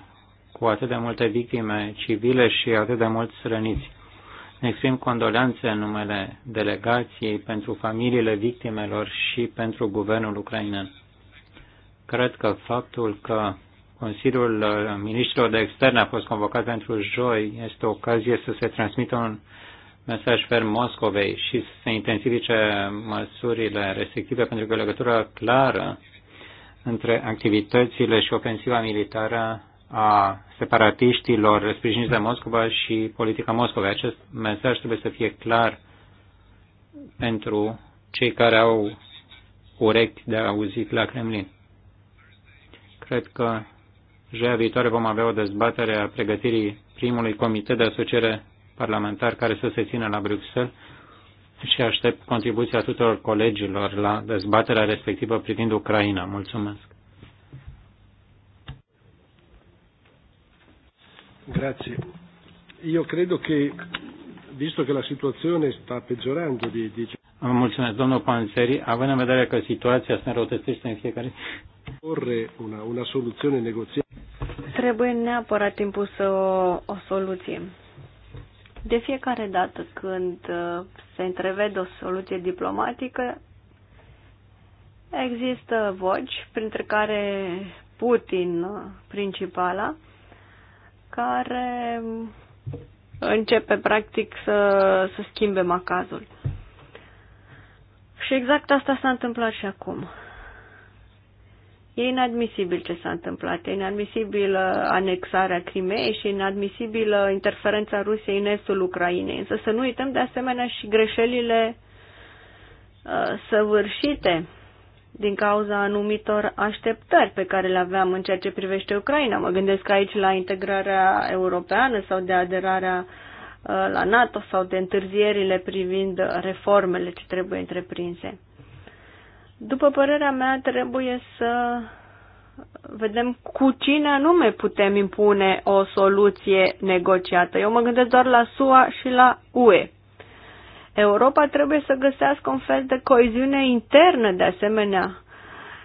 cu atât de multe victime civile și atât de mulți răniți. Ne exprim condoleanțe în numele delegației pentru familiile victimelor și pentru guvernul ucrainean. Cred că faptul că Consiliul Ministrilor de Externe a fost convocat pentru joi este o ocazie să se transmită un mesaj ferm Moscovei și să se intensifice măsurile restrictive pentru că o legătură clară între activitățile și ofensiva militară a separatiștilor sprijiniți de Moscova și politica Moscovei. Acest mesaj trebuie să fie clar pentru cei care au urechi de auzit la Kremlin. Cred că joia viitoare vom avea o dezbatere a pregătirii primului comitet de asociere parlamentar care să se țină la Bruxelles și aștept contribuția tuturor colegilor la dezbaterea respectivă privind Ucraina. Mulțumesc. Grazie. Io credo che, visto che la situazione sta peggiorando di... di... Mulțumesc, domnul Panzeri. Având în vedere că situația se înrăutățește în fiecare una, una Trebuie neapărat să o, o soluție. De fiecare dată când uh, se întrevede o soluție diplomatică, există voci, printre care Putin uh, principala, care uh, începe practic să, să schimbe macazul. Și exact asta s-a întâmplat și acum. E inadmisibil ce s-a întâmplat, e inadmisibilă anexarea Crimeei și inadmisibilă interferența Rusiei în estul Ucrainei. Însă să nu uităm de asemenea și greșelile uh, săvârșite din cauza anumitor așteptări pe care le aveam în ceea ce privește Ucraina. Mă gândesc aici la integrarea europeană sau de aderarea uh, la NATO sau de întârzierile privind reformele ce trebuie întreprinse. După părerea mea, trebuie să vedem cu cine anume putem impune o soluție negociată. Eu mă gândesc doar la SUA și la UE. Europa trebuie să găsească un fel de coeziune internă de asemenea.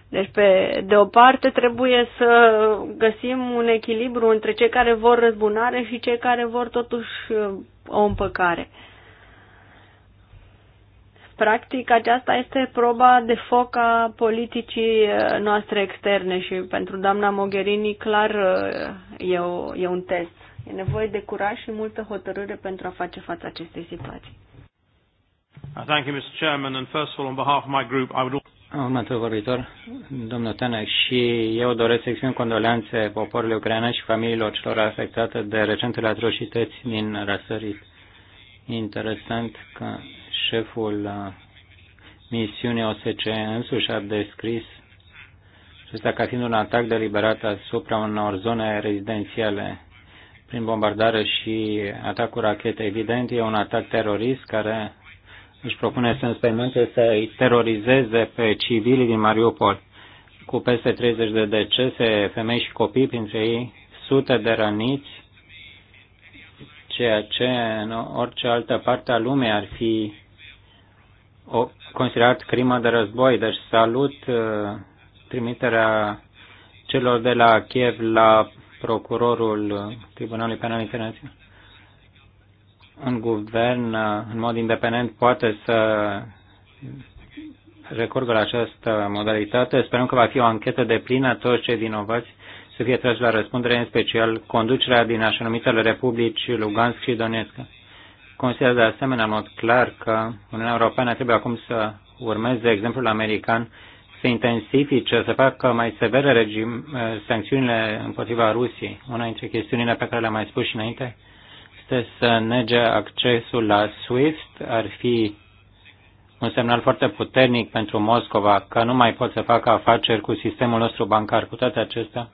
Deci, pe de o parte, trebuie să găsim un echilibru între cei care vor răzbunare și cei care vor totuși uh, o împăcare. Uh, Practic, aceasta este proba de foc a politicii uh, noastre externe și pentru doamna Mogherini, clar, uh, e, o, e un test. E nevoie de curaj și multă hotărâre pentru a face față acestei situații. Uh, thank you, Mr. Chairman, and first of all, on behalf of my group, I would Următorul vorbitor, domnul Tenec, și eu doresc să exprim condoleanțe poporului ucrainean și familiilor celor afectate de recentele atrocități din răsărit. Interesant că șeful uh, misiunii OSCE însuși a descris acesta ca fiind un atac deliberat asupra unor zone rezidențiale prin bombardare și atacul rachete. Evident, e un atac terorist care își propune să înspăimânte, să îi terorizeze pe civilii din Mariupol cu peste 30 de decese, femei și copii, printre ei sute de răniți, ceea ce în orice altă parte a lumii ar fi o considerat crimă de război. Deci salut uh, trimiterea celor de la Kiev la procurorul uh, Tribunalului Penal Internațional. Un guvern, uh, în mod independent, poate să recurgă la această modalitate. Sperăm că va fi o anchetă de plină toți cei vinovați să fie trași la răspundere, în special conducerea din așa numitele republici Lugansk și Donetsk. Consider de asemenea, în mod clar, că Uniunea Europeană trebuie acum să urmeze exemplul american, să intensifice, să facă mai severe regim, eh, sancțiunile împotriva Rusiei. Una dintre chestiunile pe care le-am mai spus și înainte este să nege accesul la SWIFT. Ar fi un semnal foarte puternic pentru Moscova că nu mai pot să facă afaceri cu sistemul nostru bancar. Cu toate acestea,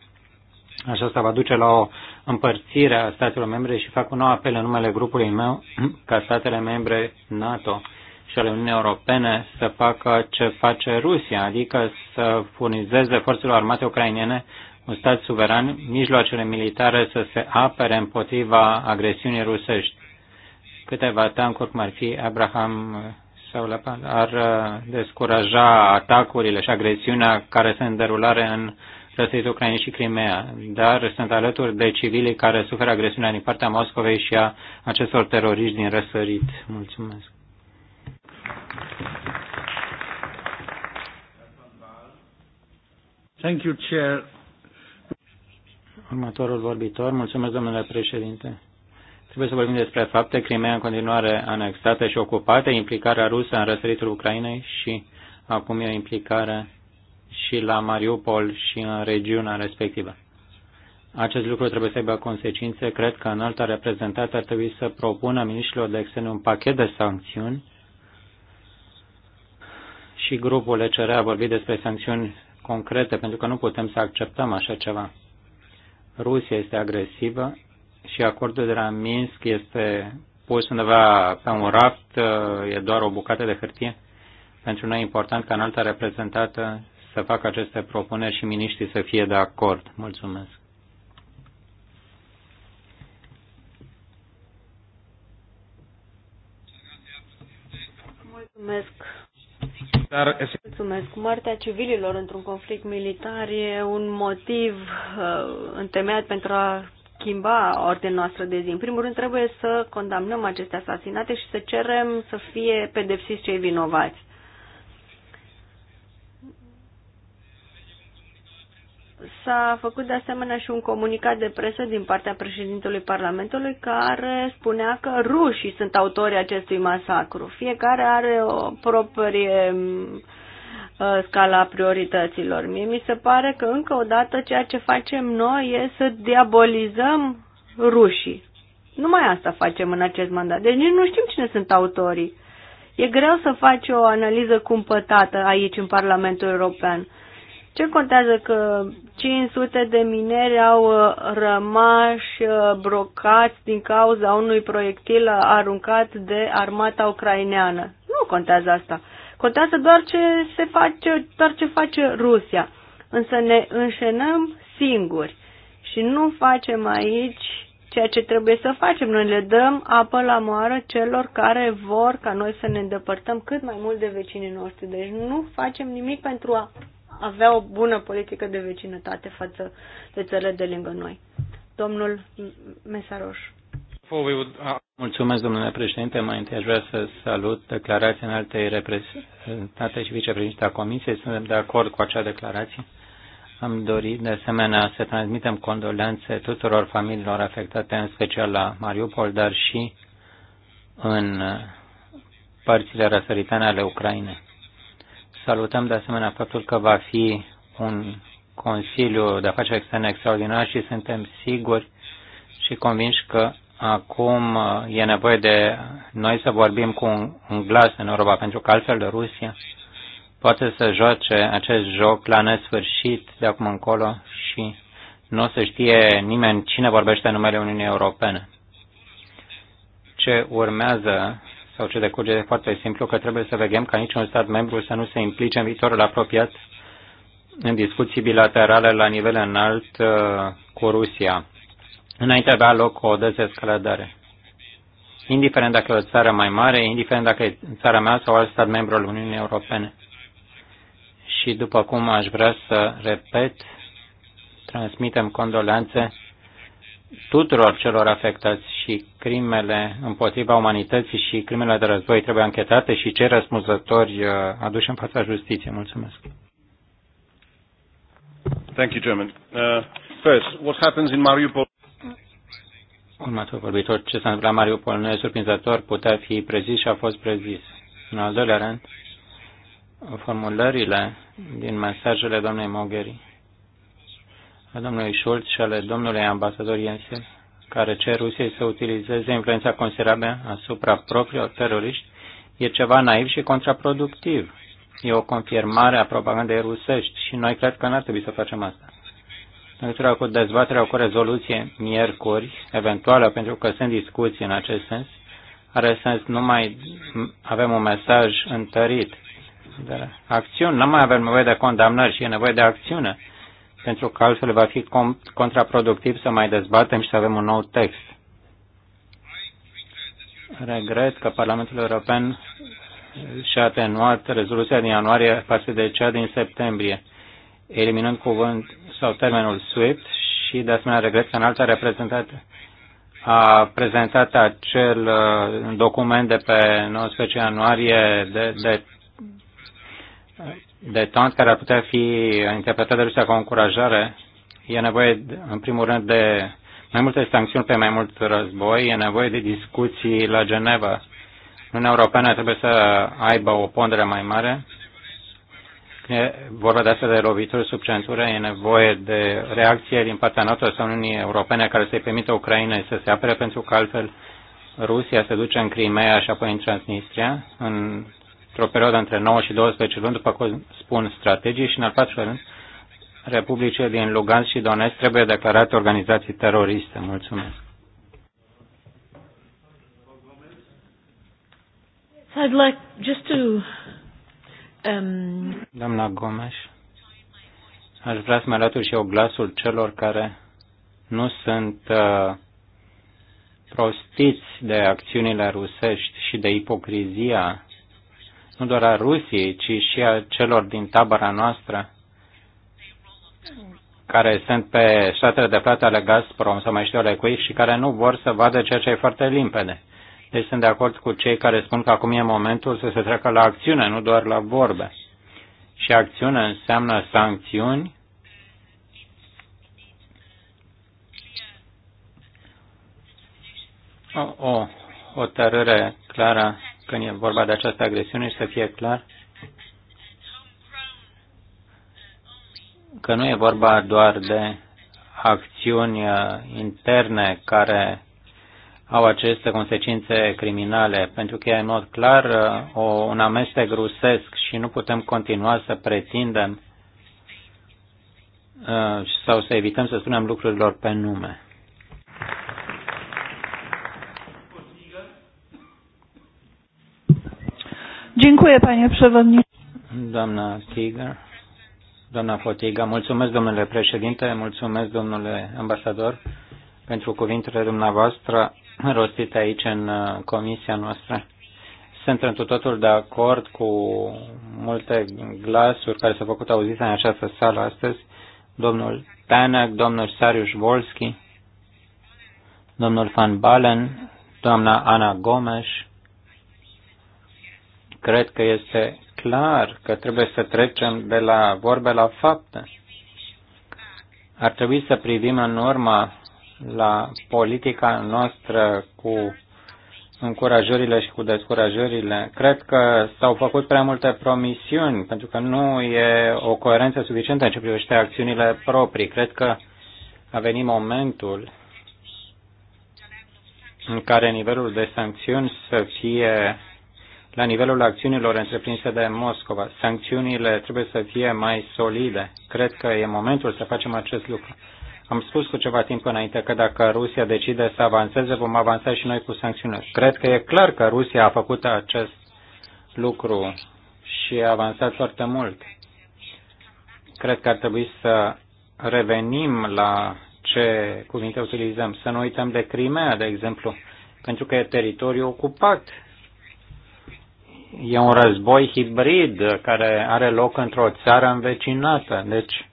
așa asta va duce la o împărțire a statelor membre și fac un nou apel în numele grupului meu ca statele membre NATO și ale Uniunii Europene să facă ce face Rusia, adică să furnizeze forțelor armate ucrainene un stat suveran, mijloacele militare să se apere împotriva agresiunii rusești. Câteva tancuri, cum ar fi Abraham sau Lapal, ar uh, descuraja atacurile și agresiunea care se în derulare în stătei Ucraina și Crimea, dar sunt alături de civilii care suferă agresiunea din partea Moscovei și a acestor teroriști din răsărit. Mulțumesc. Thank you, Chair. Următorul vorbitor. Mulțumesc, domnule președinte. Trebuie să vorbim despre fapte. Crimea în continuare anexată și ocupată, implicarea rusă în răsăritul Ucrainei și acum e o implicare și la Mariupol și în regiunea respectivă. Acest lucru trebuie să aibă consecințe. Cred că în alta reprezentată ar trebui să propună ministrilor de externe un pachet de sancțiuni și grupul ECR a vorbit despre sancțiuni concrete, pentru că nu putem să acceptăm așa ceva. Rusia este agresivă și acordul de la Minsk este pus undeva pe un raft, e doar o bucată de hârtie. Pentru noi e important ca înalta reprezentată să facă aceste propuneri și miniștrii să fie de acord. Mulțumesc. Mulțumesc. Mulțumesc. Moartea civililor într-un conflict militar e un motiv uh, întemeiat pentru a schimba ordinea noastră de zi. În primul rând trebuie să condamnăm aceste asasinate și să cerem să fie pedepsiți cei vinovați. S-a făcut de asemenea și un comunicat de presă din partea președintelui Parlamentului care spunea că rușii sunt autorii acestui masacru. Fiecare are o proprie mm, ă, scala priorităților. Mie mi se pare că încă o dată ceea ce facem noi e să diabolizăm rușii. Numai asta facem în acest mandat. Deci nici nu știm cine sunt autorii. E greu să faci o analiză cumpătată aici în Parlamentul European. Ce contează că 500 de mineri au uh, rămași uh, brocați din cauza unui proiectil aruncat de armata ucraineană? Nu contează asta. Contează doar ce se face, doar ce face Rusia. Însă ne înșenăm singuri și nu facem aici ceea ce trebuie să facem. Noi le dăm apă la moară celor care vor ca noi să ne îndepărtăm cât mai mult de vecinii noștri. Deci nu facem nimic pentru a avea o bună politică de vecinătate față de țările de lângă noi. Domnul Mesaroș. Uh, Mulțumesc, domnule președinte. Mai întâi aș vrea să salut declarația în alte reprezentate și vicepreședinte a Comisiei. Suntem de acord cu acea declarație. Am dorit, de asemenea, să transmitem condolențe tuturor familiilor afectate, în special la Mariupol, dar și în uh, părțile răsăritane ale Ucrainei. Salutăm de asemenea faptul că va fi un Consiliu de Afaceri Externe extraordinar și suntem siguri și convinși că acum uh, e nevoie de noi să vorbim cu un, un glas în Europa, pentru că altfel Rusia poate să joace acest joc la nesfârșit de acum încolo și nu o să știe nimeni cine vorbește în numele Uniunii Europene. Ce urmează sau ce decurge de foarte simplu că trebuie să vegem ca niciun stat membru să nu se implice în viitorul apropiat în discuții bilaterale la nivel înalt uh, cu Rusia, înainte de avea loc o dezescaladare. Indiferent dacă e o țară mai mare, indiferent dacă e țara mea sau alt stat membru al Uniunii Europene. Și după cum aș vrea să repet, transmitem condolențe tuturor celor afectați și crimele împotriva umanității și crimele de război trebuie anchetate și cei răspunzători uh, aduși în fața justiției. Mulțumesc. Thank you, German. Uh, first, what happens in Mariupol? Următorul vorbitor, ce s-a întâmplat la Mariupol nu e surprinzător, putea fi prezis și a fost prezis. În al doilea rând, formulările din mesajele doamnei Mogherini a domnului Schulz și ale domnului ambasador Jensen, care cer Rusiei să utilizeze influența considerabilă asupra propriilor teroriști, e ceva naiv și contraproductiv. E o confirmare a propagandei rusești și noi cred că n-ar trebui să facem asta. În legătură cu dezbaterea cu rezoluție miercuri, eventuală, pentru că sunt discuții în acest sens, are sens numai avem un mesaj întărit. Dar acțiuni, nu mai avem nevoie de condamnări și e nevoie de acțiune pentru că altfel va fi contraproductiv să mai dezbatem și să avem un nou text. Regret că Parlamentul European și-a atenuat rezoluția din ianuarie față de cea din septembrie, eliminând cuvânt sau termenul SWIFT și, de asemenea, regret că în alta reprezentată a prezentat acel uh, document de pe 19 ianuarie de, de de tont care ar putea fi interpretat de Rusia ca o încurajare, e nevoie, în primul rând, de mai multe sancțiuni pe mai mult război, e nevoie de discuții la Geneva. Uniunea Europeană trebuie să aibă o pondere mai mare. Când e vorba de asta de lovituri sub centură, e nevoie de reacție din partea NATO sau Uniunii Europene care să-i permită Ucrainei să se apere, pentru că altfel Rusia se duce în Crimea și apoi în Transnistria, în într-o perioadă între 9 și 12 luni, după cum spun strategii, și în al patrulea rând, republicile din Lugansk și Donetsk trebuie declarate organizații teroriste. Mulțumesc. I'd like just to, um... Doamna Gomes, aș vrea să mă alătur și eu glasul celor care nu sunt uh, prostiți de acțiunile rusești și de ipocrizia nu doar a Rusiei, ci și a celor din tabăra noastră care sunt pe statele de plată ale Gazprom sau mai știu ale cui și care nu vor să vadă ceea ce e foarte limpede. Deci sunt de acord cu cei care spun că acum e momentul să se treacă la acțiune, nu doar la vorbe. Și acțiune înseamnă sancțiuni, o, o tărâre clară când e vorba de această agresiune și să fie clar că nu e vorba doar de acțiuni uh, interne care au aceste consecințe criminale, pentru că e în mod clar uh, o, un amestec rusesc și nu putem continua să pretindem uh, sau să evităm să spunem lucrurilor pe nume. Dziękuję, panie przewodniczący. Doamna Tiga, doamna Fotiga, mulțumesc, domnule președinte, mulțumesc, domnule ambasador, pentru cuvintele dumneavoastră rostite aici în uh, comisia noastră. Sunt într totul de acord cu multe glasuri care s-au făcut auzite în această sală astăzi, domnul Tanak, domnul Sariusz Volski, domnul Van Balen, doamna Ana Gomes, Cred că este clar că trebuie să trecem de la vorbe la fapte. Ar trebui să privim în urmă la politica noastră cu încurajările și cu descurajările. Cred că s-au făcut prea multe promisiuni, pentru că nu e o coerență suficientă în ce privește acțiunile proprii. Cred că a venit momentul în care nivelul de sancțiuni să fie la nivelul acțiunilor întreprinse de Moscova. Sancțiunile trebuie să fie mai solide. Cred că e momentul să facem acest lucru. Am spus cu ceva timp înainte că dacă Rusia decide să avanseze, vom avansa și noi cu sancțiunile. Cred că e clar că Rusia a făcut acest lucru și a avansat foarte mult. Cred că ar trebui să revenim la ce cuvinte utilizăm. Să nu uităm de Crimea, de exemplu, pentru că e teritoriu ocupat E un război hibrid care are loc într-o țară învecinată. Deci,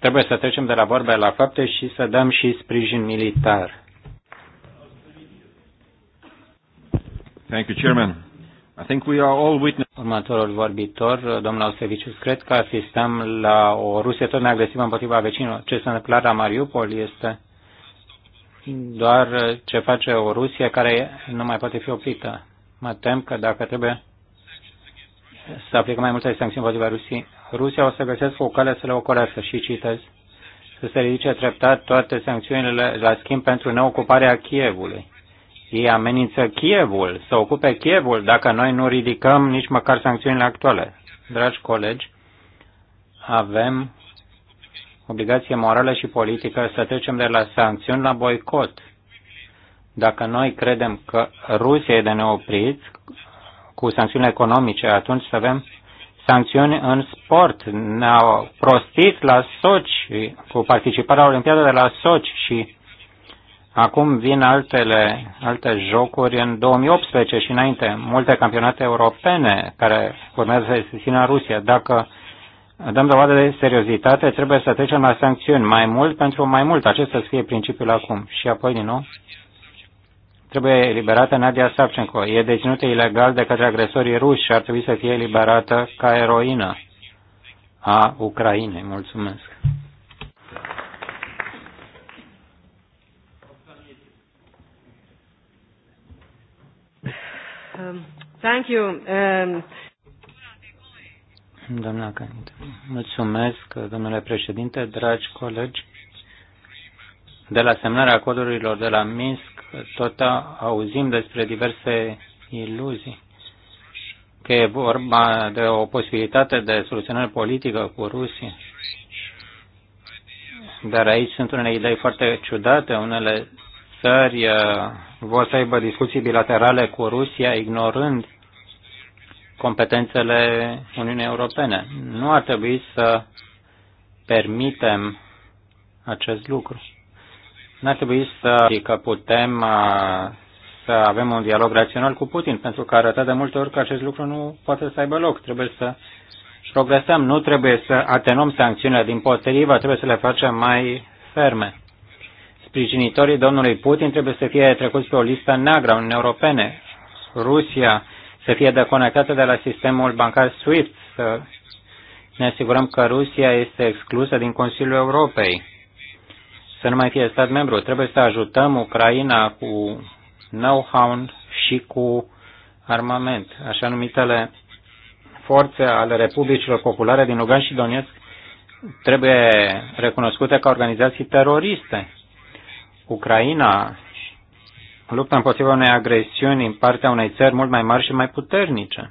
trebuie să trecem de la vorbe la fapte și să dăm și sprijin militar. Thank you, Chairman. I think we are all witness. Următorul vorbitor, domnul Ausevicius, cred că asistăm la o Rusie tot mai agresivă împotriva vecinilor. Ce se întâmplă la Mariupol este doar ce face o Rusie care nu mai poate fi oprită. Mă tem că dacă trebuie să aplică mai multe sancțiuni împotriva Rusiei, Rusia o să găsească o cale să le ocolească și citez să se ridice treptat toate sancțiunile la schimb pentru neocuparea Chievului. Ei amenință Chievul, să ocupe Chievul, dacă noi nu ridicăm nici măcar sancțiunile actuale. Dragi colegi, avem obligație morală și politică să trecem de la sancțiuni la boicot. Dacă noi credem că Rusia e de neoprit cu sancțiuni economice, atunci să avem sancțiuni în sport. Ne-au prostit la Soci cu participarea olimpiadă de la Soci și acum vin altele, alte jocuri în 2018 și înainte, multe campionate europene care urmează să se țină în Rusia. Dacă dăm dovadă de seriozitate, trebuie să trecem la sancțiuni mai mult pentru mai mult. Acesta să fie principiul acum. Și apoi, din nou, trebuie eliberată Nadia Savchenko. E deținută ilegal de către agresorii ruși și ar trebui să fie eliberată ca eroină a Ucrainei. Mulțumesc. Um, thank you. Um, Doamna Canite. Mulțumesc, domnule președinte, dragi colegi. De la semnarea acordurilor de la Minsk, tot auzim despre diverse iluzii că e vorba de o posibilitate de soluționare politică cu Rusia. Dar aici sunt unele idei foarte ciudate. Unele țări uh, vor să aibă discuții bilaterale cu Rusia, ignorând competențele Uniunii Europene. Nu ar trebui să permitem acest lucru. Nu ar trebui să că putem uh, să avem un dialog rațional cu Putin, pentru că arăta de multe ori că acest lucru nu poate să aibă loc. Trebuie să progresăm, nu trebuie să atenuăm sancțiunile, din potrivă trebuie să le facem mai ferme. Sprijinitorii domnului Putin trebuie să fie trecuți pe o listă neagră în Europene. Rusia să fie deconectată de la sistemul bancar SWIFT, să ne asigurăm că Rusia este exclusă din Consiliul Europei, să nu mai fie stat membru. Trebuie să ajutăm Ucraina cu know-how și cu armament, așa numitele forțe ale Republicilor Populare din Lugan și Donetsk trebuie recunoscute ca organizații teroriste. Ucraina lupta împotriva unei agresiuni din partea unei țări mult mai mari și mai puternice,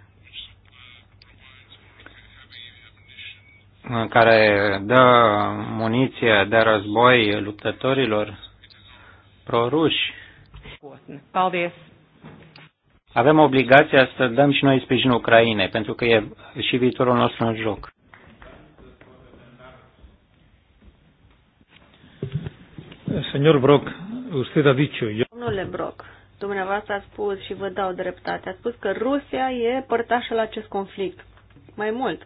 care dă muniție de război luptătorilor proruși. Paldies! Avem obligația să dăm și noi sprijin Ucrainei, pentru că e și viitorul nostru în joc. Senor Brock, usted a dicho. Yo... Domnule Brock, dumneavoastră a spus și vă dau dreptate, A spus că Rusia e părtașă la acest conflict. Mai mult,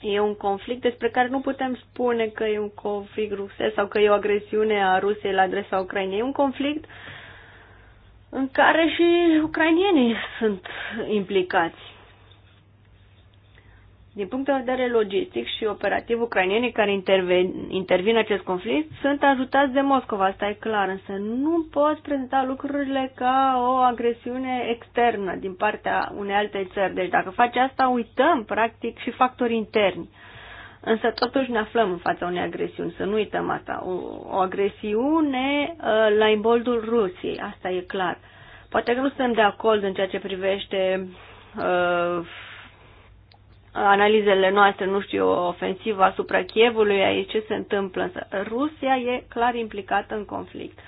e un conflict despre care nu putem spune că e un conflict rusesc sau că e o agresiune a Rusiei la adresa Ucrainei. E un conflict în care și ucrainienii sunt implicați. Din punct de vedere logistic și operativ, ucraineni care intervin, intervin acest conflict sunt ajutați de Moscova, asta e clar, însă nu poți prezenta lucrurile ca o agresiune externă din partea unei alte țări. Deci dacă faci asta, uităm practic și factori interni. Însă totuși ne aflăm în fața unei agresiuni, să nu uităm asta. O, o agresiune uh, la imboldul Rusiei, asta e clar. Poate că nu suntem de acord în ceea ce privește uh, analizele noastre, nu știu, ofensivă asupra Chievului, aici ce se întâmplă, însă Rusia e clar implicată în conflict.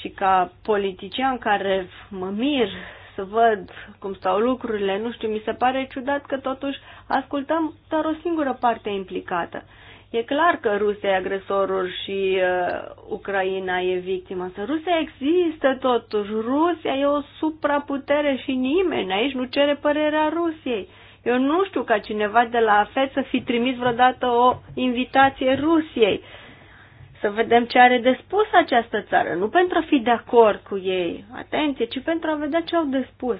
Și ca politician care mă mir să văd cum stau lucrurile, nu știu, mi se pare ciudat că totuși ascultăm doar o singură parte implicată. E clar că Rusia e agresorul și uh, Ucraina e victima, însă Rusia există totuși, Rusia e o supraputere și nimeni aici nu cere părerea Rusiei. Eu nu știu ca cineva de la AFET să fi trimis vreodată o invitație Rusiei. Să vedem ce are de spus această țară, nu pentru a fi de acord cu ei, atenție, ci pentru a vedea ce au de spus.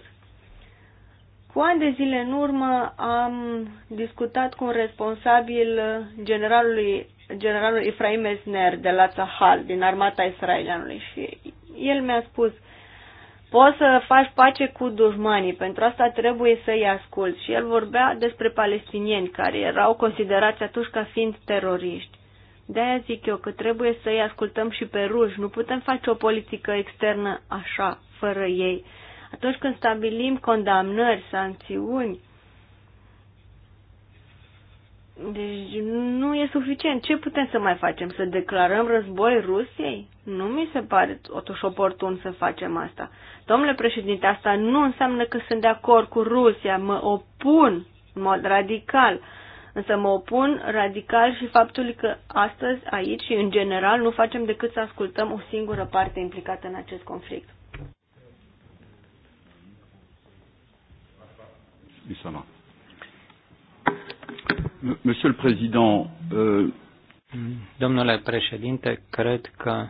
Cu ani de zile în urmă am discutat cu un responsabil generalului, generalul Efraim Esner de la Tzahal, din armata israelianului și el mi-a spus – poți să faci pace cu dușmanii, pentru asta trebuie să-i asculți. Și el vorbea despre palestinieni care erau considerați atunci ca fiind teroriști. De-aia zic eu că trebuie să-i ascultăm și pe ruși. Nu putem face o politică externă așa, fără ei. Atunci când stabilim condamnări, sancțiuni, deci nu e suficient. Ce putem să mai facem? Să declarăm război Rusiei? Nu mi se pare totuși oportun să facem asta. Domnule președinte, asta nu înseamnă că sunt de acord cu Rusia. Mă opun în mod radical. Însă mă opun radical și faptului că astăzi, aici și în general, nu facem decât să ascultăm o singură parte implicată în acest conflict. Isama. Monsieur le Président, euh... Domnule președinte, cred că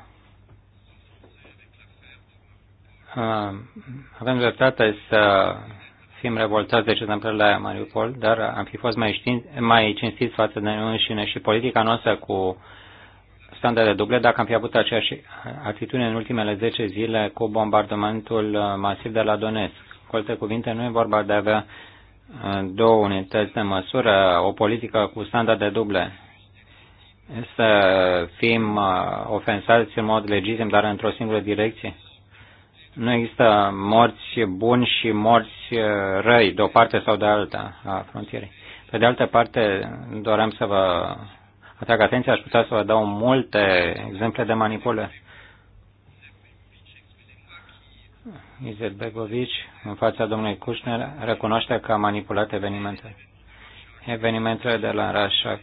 avem dreptate să fim revoltați de ce se întâmplă la Mariupol, dar am fi fost mai, știin, mai cinstiți față de noi înșine și politica noastră cu standarde duble dacă am fi avut aceeași atitudine în ultimele 10 zile cu bombardamentul masiv de la Donetsk. Cu alte cuvinte, nu e vorba de a avea două unități de măsură, o politică cu standarde duble. Să fim uh, ofensați în mod legitim, dar într-o singură direcție. Nu există morți buni și morți uh, răi, de o parte sau de alta a frontierei. Pe de altă parte, doream să vă atrag atenția, aș putea să vă dau multe exemple de manipulări. Izetbegovici în fața domnului Kushner recunoaște că a manipulat evenimentele. Evenimentele de la Rașac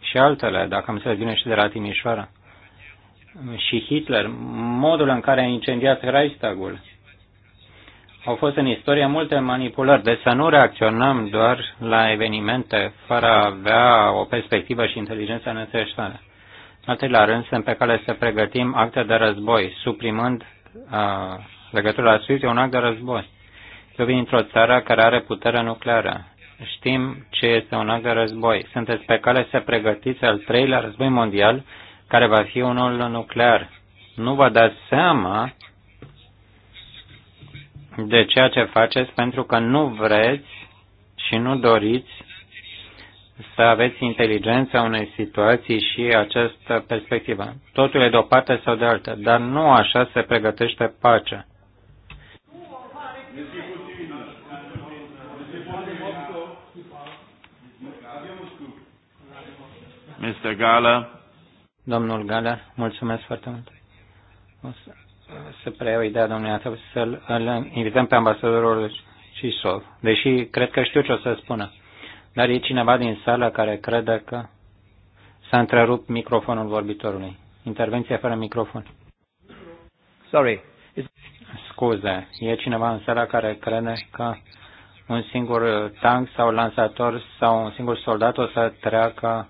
și altele, dacă am să bine, și de la Timișoara. Și Hitler, modul în care a incendiat Reichstagul. Au fost în istorie multe manipulări, de deci să nu reacționăm doar la evenimente fără a avea o perspectivă și inteligența necesară. În la rând, sunt pe care să pregătim acte de război, suprimând a, legătura la SWIFT un act de război. Eu vin într-o țară care are putere nucleară. Știm ce este un act de război. Sunteți pe cale să pregătiți al treilea război mondial, care va fi unul nuclear. Nu vă dați seama de ceea ce faceți pentru că nu vreți și nu doriți să aveți inteligența unei situații și această perspectivă. Totul e de o parte sau de alta, dar nu așa se pregătește pacea. Mr. Gala. Domnul Gala, mulțumesc foarte mult. O să, să preiau ideea domnului să-l invităm pe ambasadorul Cisov, deși cred că știu ce o să spună. Dar e cineva din sală care crede că s-a întrerupt microfonul vorbitorului. Intervenție fără microfon. Sorry. Scuze, e cineva în sală care crede că un singur tank sau lansator sau un singur soldat o să treacă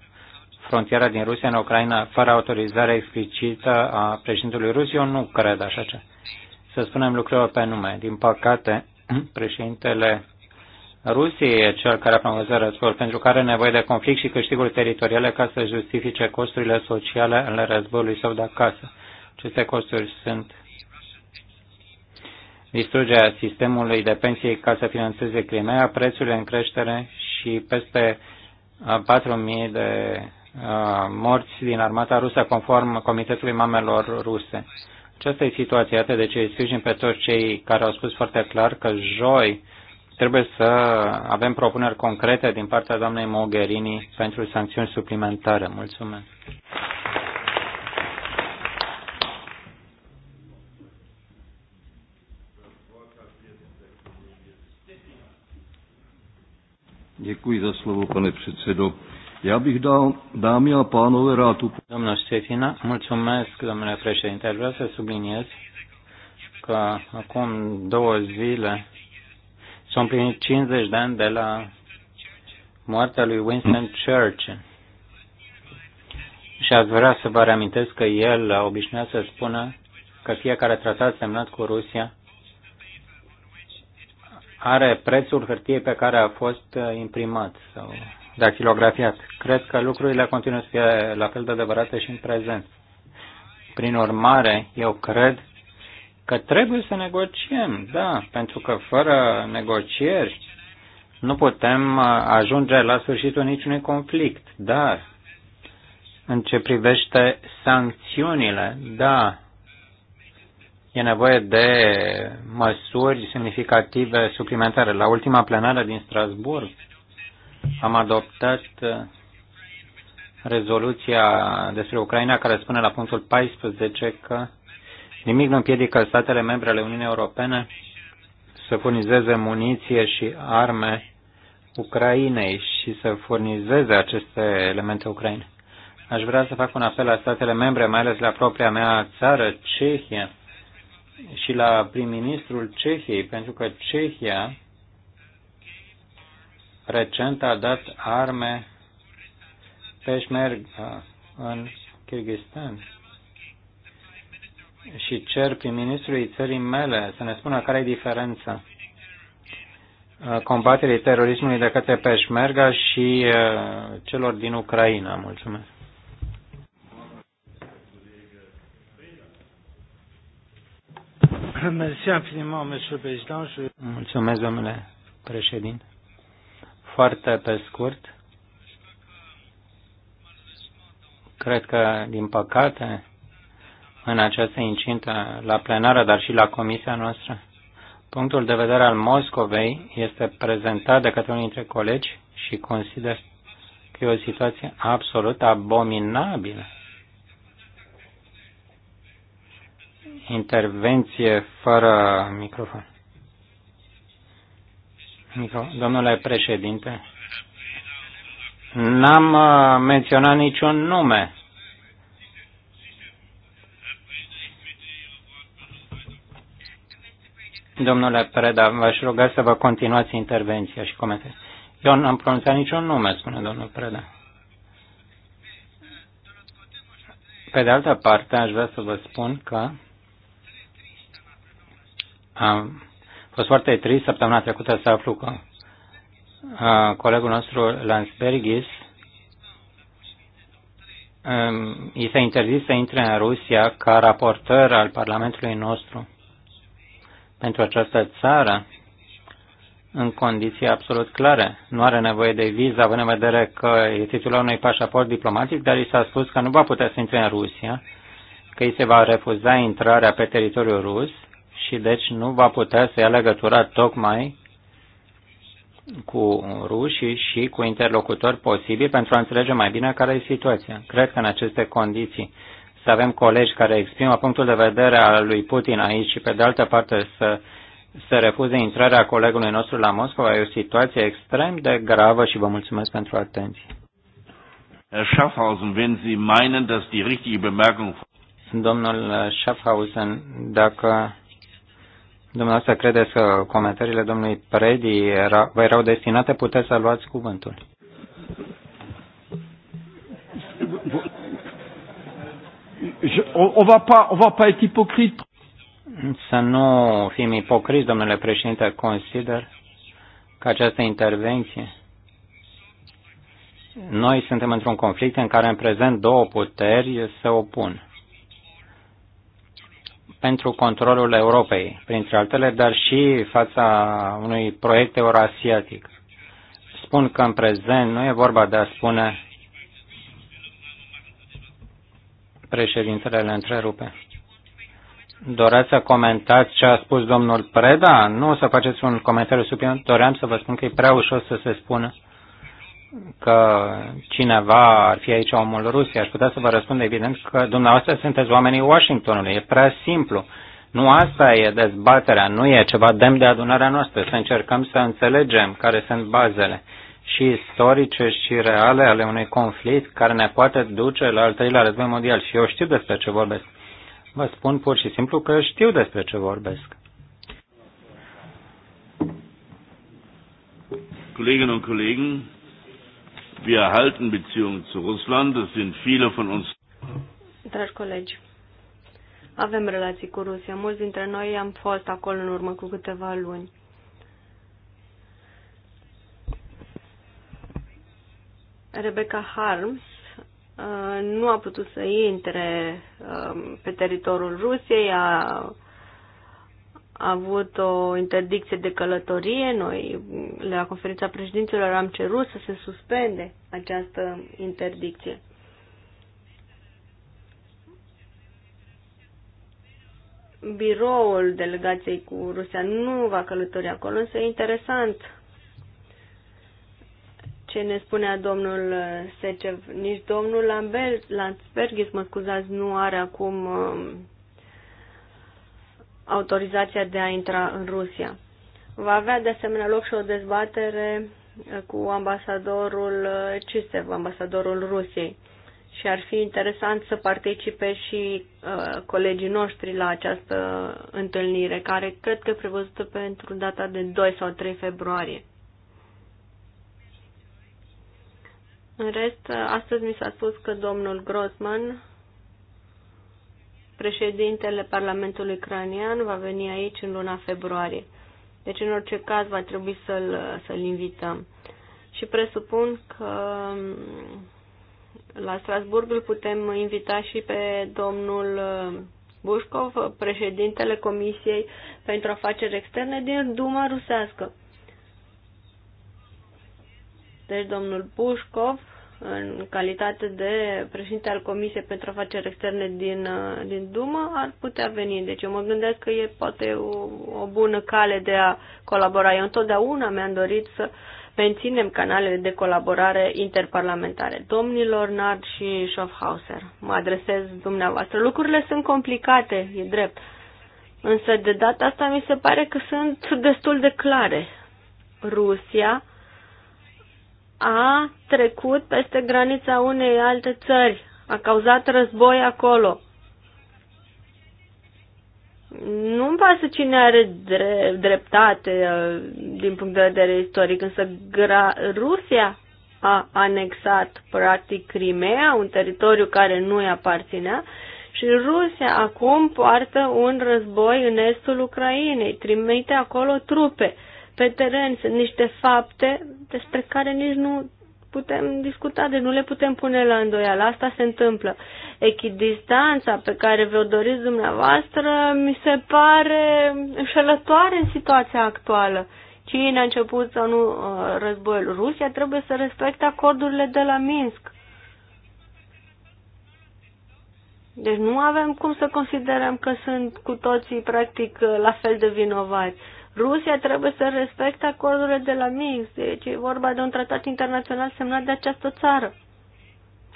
frontiera din Rusia în Ucraina fără autorizare explicită a președintelui rus? Eu nu cred așa ce. Să spunem lucrurile pe nume. Din păcate, președintele Rusiei e cel care promovează războiul, pentru că are nevoie de conflict și câștiguri teritoriale ca să justifice costurile sociale ale războiului sau de acasă. Aceste costuri sunt distrugerea sistemului de pensii ca să financeze Crimea, prețurile în creștere și peste 4.000 uh, de uh, morți din armata rusă conform Comitetului Mamelor Ruse. Aceasta e situația, iată de ce îi sprijin pe toți cei care au spus foarte clar că joi Trebuie să avem propuneri concrete din partea doamnei Mogherini pentru sancțiuni suplimentare. Mulțumesc. Děkuji za slovo, pane předsedo. Já bych dal, dámy a pánové, rád Domnul Ștefina, mulțumesc, domnule președinte. Vreau să subliniez că acum două zile S-au împlinit 50 de ani de la moartea lui Winston Churchill. Și aș vrea să vă reamintesc că el obișnuit să spună că fiecare tratat semnat cu Rusia are prețul hârtiei pe care a fost uh, imprimat sau dactilografiat. Cred că lucrurile continuă să fie la fel de adevărate și în prezent. Prin urmare, eu cred că trebuie să negociem, da, pentru că fără negocieri nu putem uh, ajunge la sfârșitul niciunui conflict, dar în ce privește sancțiunile, da, e nevoie de măsuri semnificative suplimentare. La ultima plenară din Strasburg am adoptat uh, rezoluția despre Ucraina care spune la punctul 14 că Nimic nu împiedică statele membre ale Uniunii Europene să furnizeze muniție și arme Ucrainei și să furnizeze aceste elemente Ucraine. Aș vrea să fac un apel la statele membre, mai ales la propria mea țară, Cehia, și la prim-ministrul Cehiei, pentru că Cehia recent a dat arme peșmerg uh, în Kyrgyzstan și cer prin ministrului țării mele să ne spună care e diferența uh, combaterii terorismului de către Peșmerga și uh, celor din Ucraina. Mulțumesc. Mulțumesc, domnule președinte. Foarte pe scurt, cred că, din păcate, în această incintă la plenară, dar și la comisia noastră. Punctul de vedere al Moscovei este prezentat de către unii dintre colegi și consider că e o situație absolut abominabilă. Intervenție fără microfon. Micro... Domnule președinte, n-am uh, menționat niciun nume. Domnule Preda, v-aș ruga să vă continuați intervenția și comentarii. Eu n-am pronunțat niciun nume, spune domnul Preda. Pe de altă parte, aș vrea să vă spun că am fost foarte trist săptămâna trecută să aflu că colegul nostru Lansbergis i s-a interzis să intre în Rusia ca raportor al Parlamentului nostru pentru această țară în condiții absolut clare. Nu are nevoie de viză, având în vedere că e titular unui pașaport diplomatic, dar i s-a spus că nu va putea să intre în Rusia, că îi se va refuza intrarea pe teritoriul rus și deci nu va putea să ia legătura tocmai cu rușii și cu interlocutori posibili pentru a înțelege mai bine care e situația. Cred că în aceste condiții să avem colegi care exprimă punctul de vedere al lui Putin aici și pe de altă parte să să refuze intrarea colegului nostru la Moscova. E o situație extrem de gravă și vă mulțumesc pentru atenție. Herr Schaffhausen, wenn Sie meinen, dass die richtige Bemerkung Domnul Schaffhausen, dacă dumneavoastră credeți că comentariile domnului Predi era, vă erau destinate, puteți să luați cuvântul je, on, on, va pas, on va pas être hypocrite. Să nu fim ipocriți, domnule președinte, consider că această intervenție. Noi suntem într-un conflict în care în prezent două puteri se opun pentru controlul Europei, printre altele, dar și fața unui proiect euroasiatic. Spun că în prezent nu e vorba de a spune Președintele le întrerupe. Doreați să comentați ce a spus domnul Preda? Nu o să faceți un comentariu suplimentar. Doream să vă spun că e prea ușor să se spună că cineva ar fi aici omul Rusiei. Aș putea să vă răspund evident că dumneavoastră sunteți oamenii Washingtonului. E prea simplu. Nu asta e dezbaterea, nu e ceva demn de adunarea noastră. Să încercăm să înțelegem care sunt bazele și istorice și reale ale unui conflict care ne poate duce la al treilea război mondial. Și eu știu despre ce vorbesc. Vă spun pur și simplu că știu despre ce vorbesc. Kolleginnen und Kollegen, wir erhalten Beziehungen zu Russland. Es sind viele von uns. Dragi colegi, avem relații cu Rusia. Mulți dintre noi am fost acolo în urmă cu câteva luni. Rebecca Harms uh, nu a putut să intre um, pe teritoriul Rusiei, a avut o interdicție de călătorie. Noi, la conferința președinților, am cerut să se suspende această interdicție. Biroul delegației cu Rusia nu va călători acolo, însă e interesant ce ne spunea domnul Secev. Nici domnul Lambert, Lansbergis, mă scuzați, nu are acum um, autorizația de a intra în Rusia. Va avea de asemenea loc și o dezbatere uh, cu ambasadorul uh, Cisev, ambasadorul Rusiei. Și ar fi interesant să participe și uh, colegii noștri la această întâlnire, care cred că e prevăzută pentru data de 2 sau 3 februarie. În rest, astăzi mi s-a spus că domnul Grossman, președintele Parlamentului Ucranian, va veni aici în luna februarie. Deci, în orice caz, va trebui să-l, să invităm. Și presupun că mm, la Strasburg îl putem invita și pe domnul mm, Bușcov, președintele Comisiei pentru Afaceri Externe din Duma Rusească. Deci domnul Pușcov, în calitate de președinte al Comisiei pentru Afaceri Externe din, uh, din Dumă, ar putea veni. Deci eu mă gândesc că e poate o, o bună cale de a colabora. Eu întotdeauna mi-am dorit să menținem canalele de colaborare interparlamentare. Domnilor Nard și Schaffhauser, mă adresez dumneavoastră. Lucrurile sunt complicate, e drept. Însă de data asta mi se pare că sunt destul de clare. Rusia a trecut peste granița unei alte țări, a cauzat război acolo. Nu-mi pasă cine are dreptate uh, din punct de vedere istoric, însă Rusia a anexat practic Crimea, un teritoriu care nu îi aparținea, și Rusia acum poartă un război în estul Ucrainei, trimite acolo trupe. Pe teren sunt niște fapte despre care nici nu putem discuta, de deci nu le putem pune la îndoială. Asta se întâmplă. Echidistanța pe care vă o doriți dumneavoastră mi se pare înșelătoare în situația actuală. Cine a început sau nu uh, războiul? Rusia trebuie să respecte acordurile de la Minsk. Deci nu avem cum să considerăm că sunt cu toții practic uh, la fel de vinovați. Rusia trebuie să respecte acordurile de la Minsk, deci e vorba de un tratat internațional semnat de această țară.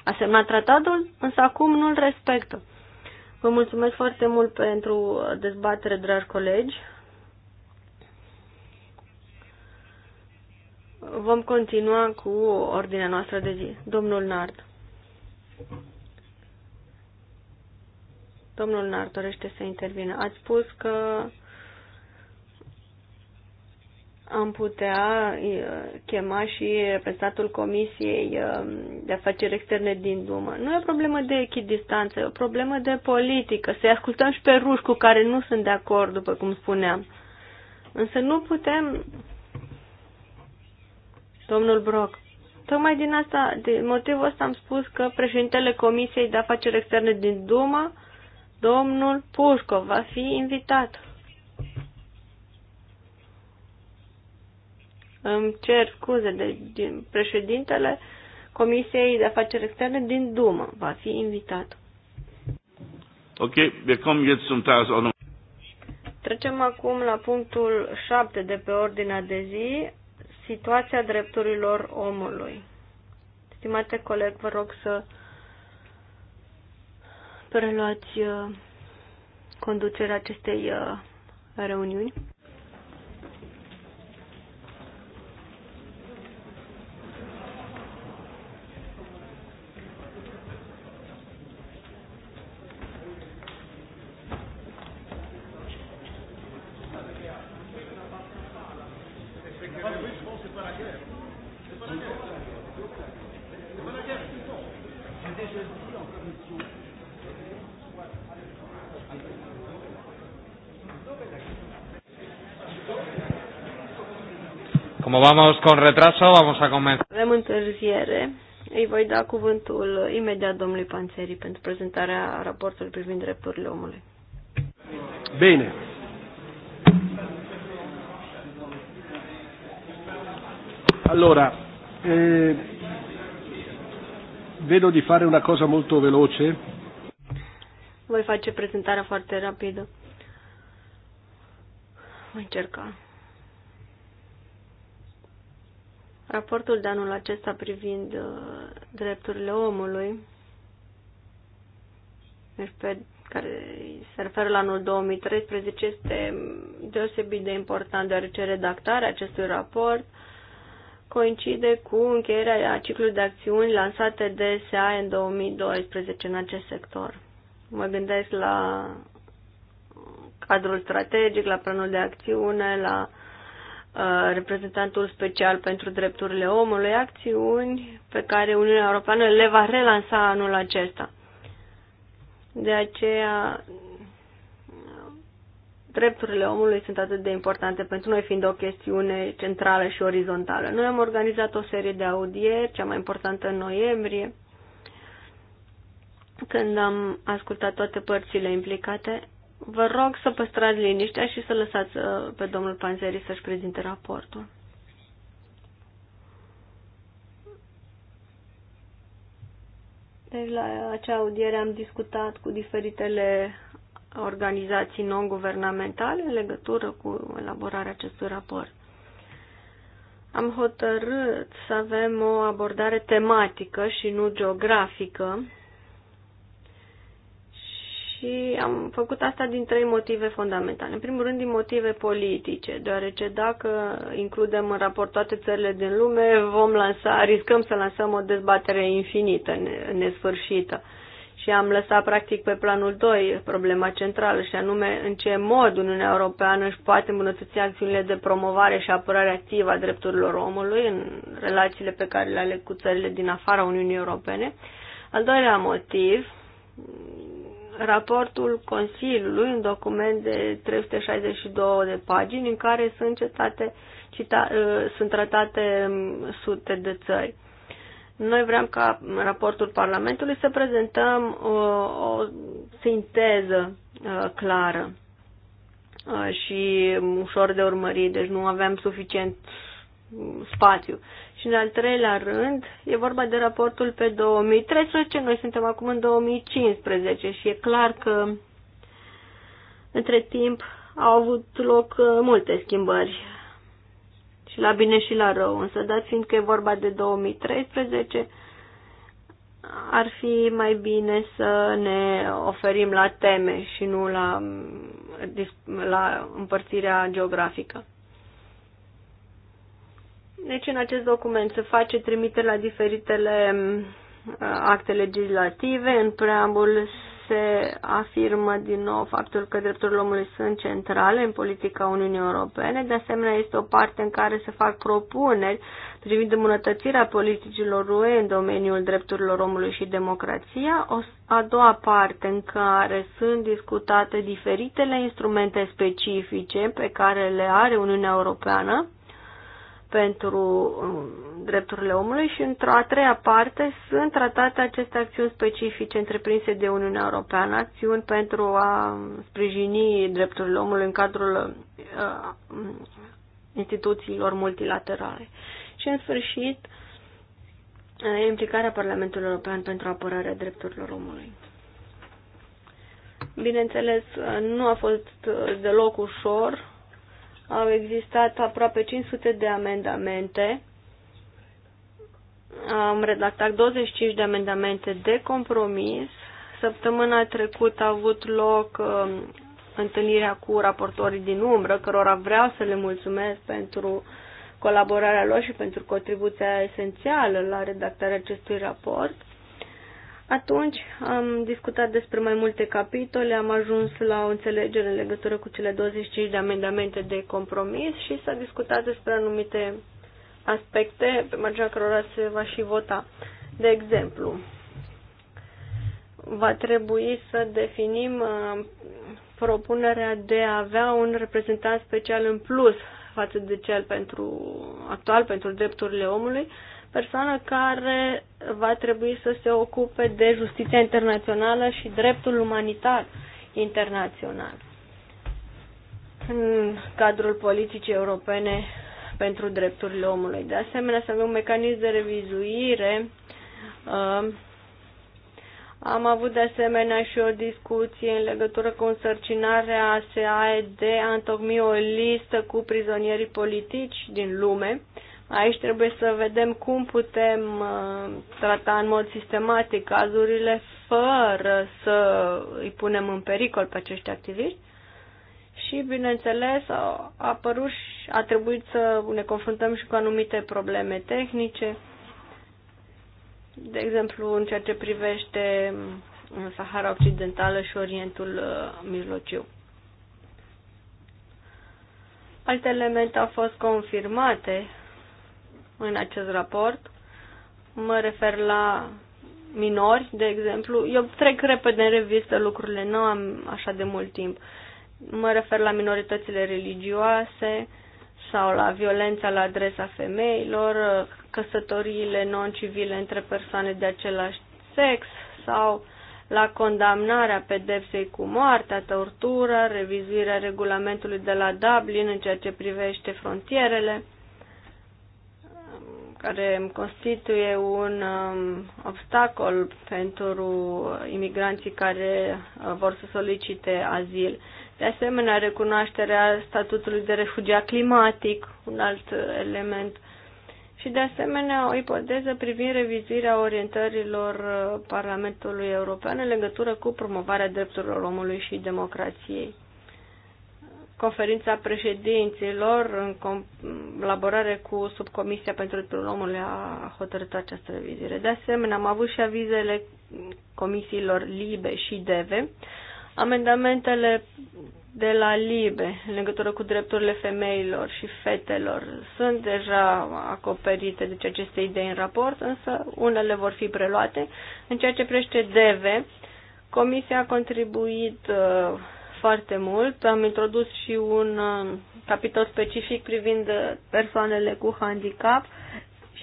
A semnat tratatul, însă acum nu-l respectă. Vă mulțumesc foarte mult pentru dezbatere, dragi colegi. Vom continua cu ordinea noastră de zi. Domnul Nard. Domnul Nard dorește să intervină. Ați spus că am putea chema și reprezentantul Comisiei de Afaceri Externe din Dumă. Nu e o problemă de echidistanță, e o problemă de politică. Să-i ascultăm și pe ruși cu care nu sunt de acord, după cum spuneam. Însă nu putem... Domnul Brock, tocmai din asta, din motivul ăsta am spus că președintele Comisiei de Afaceri Externe din Duma, domnul Pușcov, va fi invitat Îmi cer scuze de din președintele Comisiei de Afaceri Externe din Dumă. Va fi invitat. Ok, cum kommen jetzt zum Tagesordnung. Trecem acum la punctul 7 de pe ordinea de zi, situația drepturilor omului. Stimate coleg, vă rog să preluați uh, conducerea acestei uh, reuniuni. Como vamos con retraso, vamos a comenzar. Avem întârziere. Îi voi da cuvântul imediat domnului Panțeri pentru prezentarea raportului privind drepturile omului. Bine. Allora, eh, vedo di fare una cosa molto veloce. Voi face prezentarea foarte rapidă. Voi încerca. Raportul de anul acesta privind uh, drepturile omului, deci care se referă la anul 2013, este deosebit de important, deoarece redactarea acestui raport coincide cu încheierea ciclului de acțiuni lansate de S.A. în 2012 în acest sector. Mă gândesc la cadrul strategic, la planul de acțiune, la Uh, reprezentantul special pentru drepturile omului, acțiuni pe care Uniunea Europeană le va relansa anul acesta. De aceea, drepturile omului sunt atât de importante pentru noi, fiind o chestiune centrală și orizontală. Noi am organizat o serie de audieri, cea mai importantă în noiembrie, când am ascultat toate părțile implicate, Vă rog să păstrați liniștea și să lăsați uh, pe domnul Panzeri să-și prezinte raportul. Deci la acea audiere am discutat cu diferitele organizații non-guvernamentale în legătură cu elaborarea acestui raport. Am hotărât să avem o abordare tematică și nu geografică și am făcut asta din trei motive fundamentale. În primul rând, din motive politice, deoarece dacă includem în raport toate țările din lume, vom lansa, riscăm să lansăm o dezbatere infinită, nesfârșită. Și am lăsat practic pe planul 2 problema centrală și anume în ce mod Uniunea Europeană își poate îmbunătăți acțiunile de promovare și apărare activă a drepturilor omului în relațiile pe care le are cu țările din afara Uniunii Europene. Al doilea motiv, raportul Consiliului, un document de 362 de pagini în care sunt, cetate, cita, uh, sunt tratate um, sute de țări. Noi vrem ca în raportul Parlamentului să prezentăm o, uh, o sinteză uh, clară și ușor de urmărit, deci nu avem suficient mm, spațiu. Și în al treilea rând, e vorba de raportul pe 2013, noi suntem acum în 2015 și e clar că între timp au avut loc uh, multe schimbări și la bine și la rău, însă dat fiind că e vorba de 2013, ar fi mai bine să ne oferim la teme și nu la, mm, la împărțirea geografică. Deci în acest document se face trimitere la diferitele uh, acte legislative. În preambul se afirmă din nou faptul că drepturile omului sunt centrale în politica Uniunii Europene. De asemenea, este o parte în care se fac propuneri privind îmbunătățirea politicilor UE în domeniul drepturilor omului și democrația. O a doua parte în care sunt discutate diferitele instrumente specifice pe care le are Uniunea Europeană pentru um, drepturile omului și într-o a treia parte sunt tratate aceste acțiuni specifice întreprinse de Uniunea Europeană, acțiuni pentru a sprijini drepturile omului în cadrul uh, instituțiilor multilaterale. Și în sfârșit, implicarea Parlamentului European pentru apărarea drepturilor omului. Bineînțeles, nu a fost deloc ușor au existat aproape 500 de amendamente. Am redactat 25 de amendamente de compromis. Săptămâna trecută a avut loc uh, întâlnirea cu raportorii din umbră, cărora vreau să le mulțumesc pentru colaborarea lor și pentru contribuția esențială la redactarea acestui raport. Atunci am discutat despre mai multe capitole, am ajuns la o înțelegere în legătură cu cele 25 de amendamente de compromis și s-a discutat despre anumite aspecte pe marginea cărora se va și vota. De exemplu, va trebui să definim uh, propunerea de a avea un reprezentant special în plus față de cel pentru actual pentru drepturile omului persoană care va trebui să se ocupe de justiția internațională și dreptul umanitar internațional în cadrul politicii europene pentru drepturile omului. De asemenea, să avem un mecanism de revizuire. Uh, am avut de asemenea și o discuție în legătură cu însărcinarea SAE de a întocmi o listă cu prizonierii politici din lume. Uh, Aici trebuie să vedem cum putem uh, trata în mod sistematic cazurile fără să îi punem în pericol pe acești activiști. Și, bineînțeles, a apărut și a trebuit să ne confruntăm și cu anumite probleme tehnice, de exemplu, în ceea ce privește uh, Sahara Occidentală și Orientul uh, Mijlociu. Alte elemente au fost confirmate în acest raport. Mă refer la minori, de exemplu. Eu trec repede în revistă lucrurile, nu am așa de mult timp. Mă refer la minoritățile religioase sau la violența la adresa femeilor, căsătoriile non-civile între persoane de același sex sau la condamnarea pedepsei cu moartea, tortura, revizuirea regulamentului de la Dublin în ceea ce privește frontierele, care constituie un um, obstacol pentru imigranții care uh, vor să solicite azil. De asemenea, recunoașterea statutului de refugiat climatic, un alt element. Și de asemenea, o ipoteză privind revizuirea orientărilor uh, Parlamentului European în legătură cu promovarea drepturilor omului și democrației conferința președinților, în colaborare cu subcomisia pentru drepturile omului, a hotărât această revizuire. De asemenea, am avut și avizele comisiilor LIBE și DEVE, amendamentele de la LIBE în legătură cu drepturile femeilor și fetelor sunt deja acoperite de aceste idei în raport, însă unele vor fi preluate. În ceea ce prește DEVE, Comisia a contribuit uh, foarte mult. Am introdus și un um, capitol specific privind persoanele cu handicap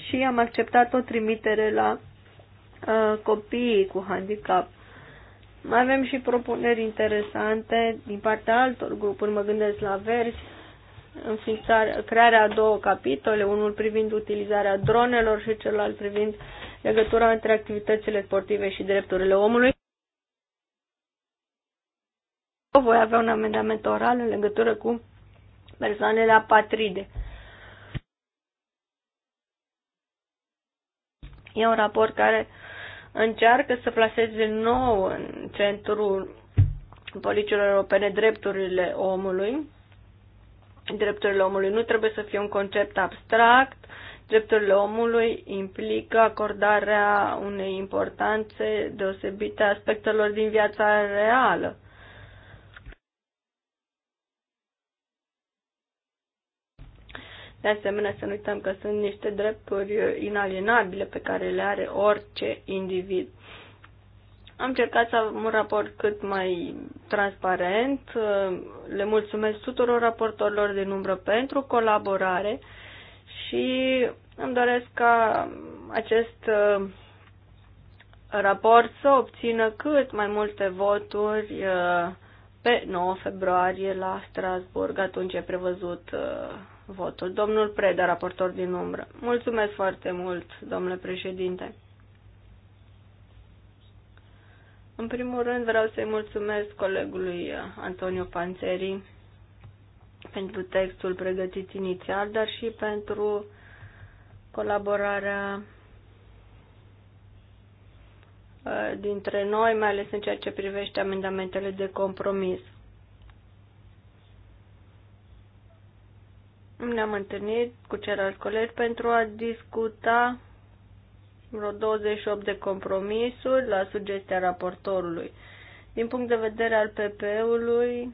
și am acceptat o trimitere la uh, copiii cu handicap. Mai avem și propuneri interesante din partea altor grupuri, mă gândesc la verzi, înființarea, crearea a două capitole, unul privind utilizarea dronelor și celălalt privind legătura între activitățile sportive și drepturile omului voi avea un amendament oral în legătură cu persoanele apatride. E un raport care încearcă să placeze nou în centrul politicilor europene drepturile omului. Drepturile omului nu trebuie să fie un concept abstract. Drepturile omului implică acordarea unei importanțe deosebite aspectelor din viața reală De asemenea, să nu uităm că sunt niște drepturi inalienabile pe care le are orice individ. Am încercat să am un raport cât mai transparent. Le mulțumesc tuturor raportorilor din umbră pentru colaborare și îmi doresc ca acest uh, raport să obțină cât mai multe voturi uh, pe 9 februarie la Strasburg. Atunci e prevăzut uh, votul. Domnul Preda, raportor din umbră. Mulțumesc foarte mult, domnule președinte. În primul rând vreau să-i mulțumesc colegului Antonio Panzeri pentru textul pregătit inițial, dar și pentru colaborarea uh, dintre noi, mai ales în ceea ce privește amendamentele de compromis. ne-am întâlnit cu ceilalți colegi pentru a discuta vreo 28 de compromisuri la sugestia raportorului. Din punct de vedere al PP-ului,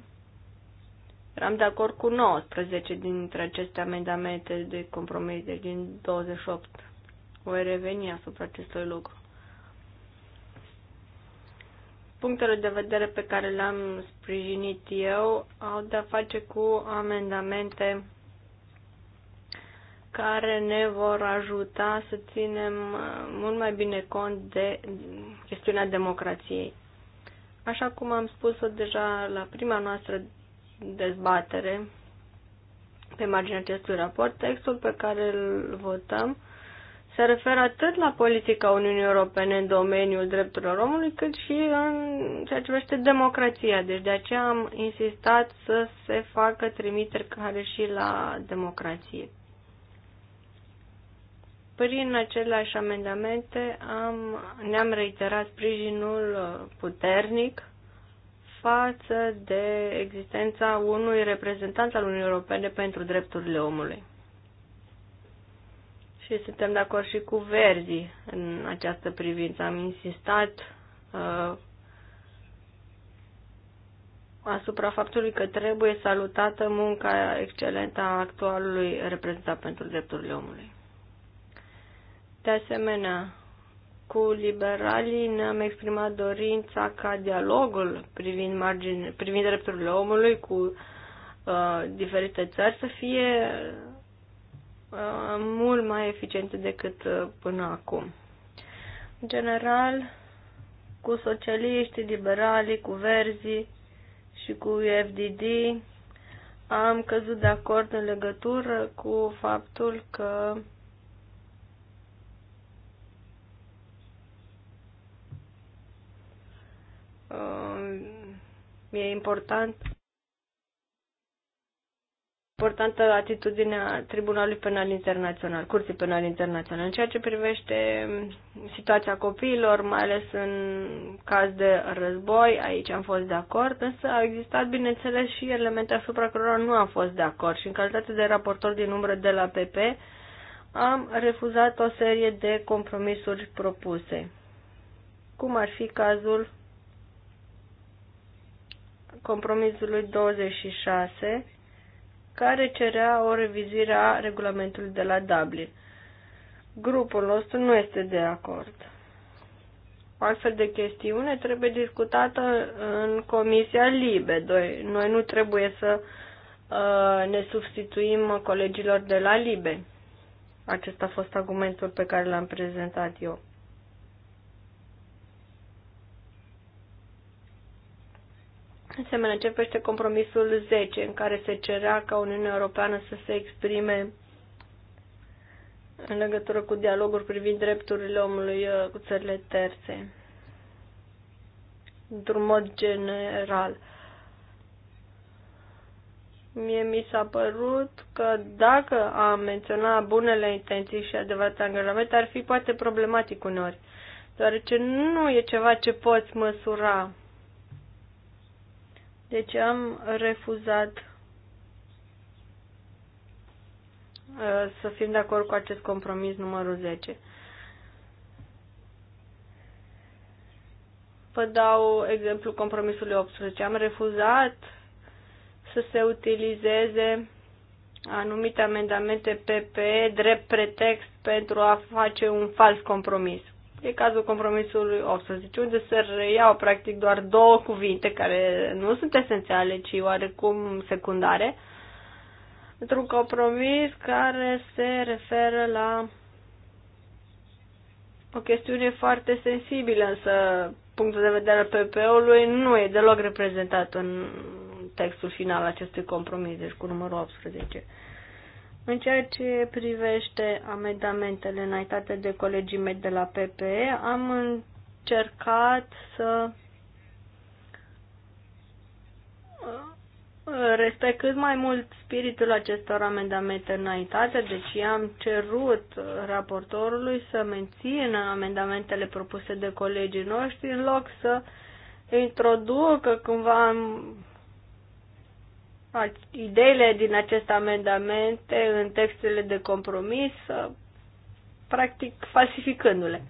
eram de acord cu 19 dintre aceste amendamente de compromis, deci din 28. Voi reveni asupra acestui lucru. Punctele de vedere pe care le-am sprijinit eu au de-a face cu amendamente care ne vor ajuta să ținem mult mai bine cont de chestiunea democrației. Așa cum am spus-o deja la prima noastră dezbatere pe marginea acestui raport, textul pe care îl votăm se referă atât la politica Uniunii Europene în domeniul drepturilor omului, cât și în ceea ce privește democrația. Deci de aceea am insistat să se facă trimiteri care și la democrație. Prin aceleași amendamente am, ne-am reiterat sprijinul puternic față de existența unui reprezentant al Uniunii Europene pentru drepturile omului. Și suntem de acord și cu Verdi în această privință. Am insistat uh, asupra faptului că trebuie salutată munca excelentă a actualului reprezentant pentru drepturile omului. De asemenea, cu liberalii ne-am exprimat dorința ca dialogul privind, margini, privind drepturile omului cu uh, diferite țări să fie uh, mult mai eficiente decât uh, până acum. În general, cu socialiștii, liberalii, cu verzii și cu FDD am căzut de acord în legătură cu faptul că Uh, e important importantă atitudinea Tribunalului Penal Internațional, Curții Penale Internațional, în ceea ce privește situația copiilor, mai ales în caz de război, aici am fost de acord, însă au existat, bineînțeles, și elemente asupra cărora nu am fost de acord și în calitate de raportor din umbră de la PP am refuzat o serie de compromisuri propuse, cum ar fi cazul compromisului 26, care cerea o revizire a regulamentului de la Dublin. Grupul nostru nu este de acord. O astfel de chestiune trebuie discutată în Comisia Libe. Noi nu trebuie să uh, ne substituim colegilor de la Libe. Acesta a fost argumentul pe care l-am prezentat eu. asemenea, începește compromisul 10, în care se cerea ca Uniunea Europeană să se exprime în legătură cu dialoguri privind drepturile omului uh, cu țările terțe, într-un mod general. Mie mi s-a părut că dacă am menționat bunele intenții și adevărate angajamente, ar fi poate problematic uneori, deoarece nu e ceva ce poți măsura deci am refuzat uh, să fim de acord cu acest compromis numărul 10. Vă dau exemplu compromisului 18. Am refuzat să se utilizeze anumite amendamente PP drept pretext pentru a face un fals compromis. E cazul compromisului 18, unde se reiau practic doar două cuvinte care nu sunt esențiale, ci oarecum secundare, într-un compromis care se referă la o chestiune foarte sensibilă, însă punctul de vedere al PP-ului nu e deloc reprezentat în textul final acestui compromis, deci cu numărul 18. În ceea ce privește amendamentele înaintate de colegii mei de la PPE, am încercat să uh, respect cât mai mult spiritul acestor amendamente înaintate, deci am cerut raportorului să mențină amendamentele propuse de colegii noștri în loc să introducă cumva ideile din aceste amendamente în textele de compromis, uh, practic falsificându-le.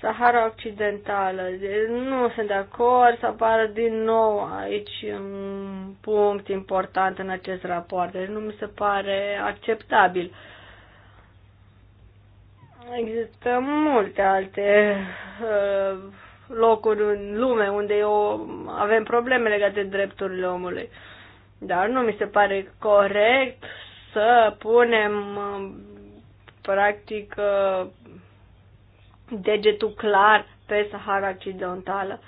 Sahara Occidentală. Nu sunt de acord să apară din nou aici un punct important în acest raport. Deci nu mi se pare acceptabil. Există multe alte uh, locuri în lume unde eu avem probleme legate de drepturile omului. Dar nu mi se pare corect să punem uh, practic uh, degetul clar pe Sahara Occidentală.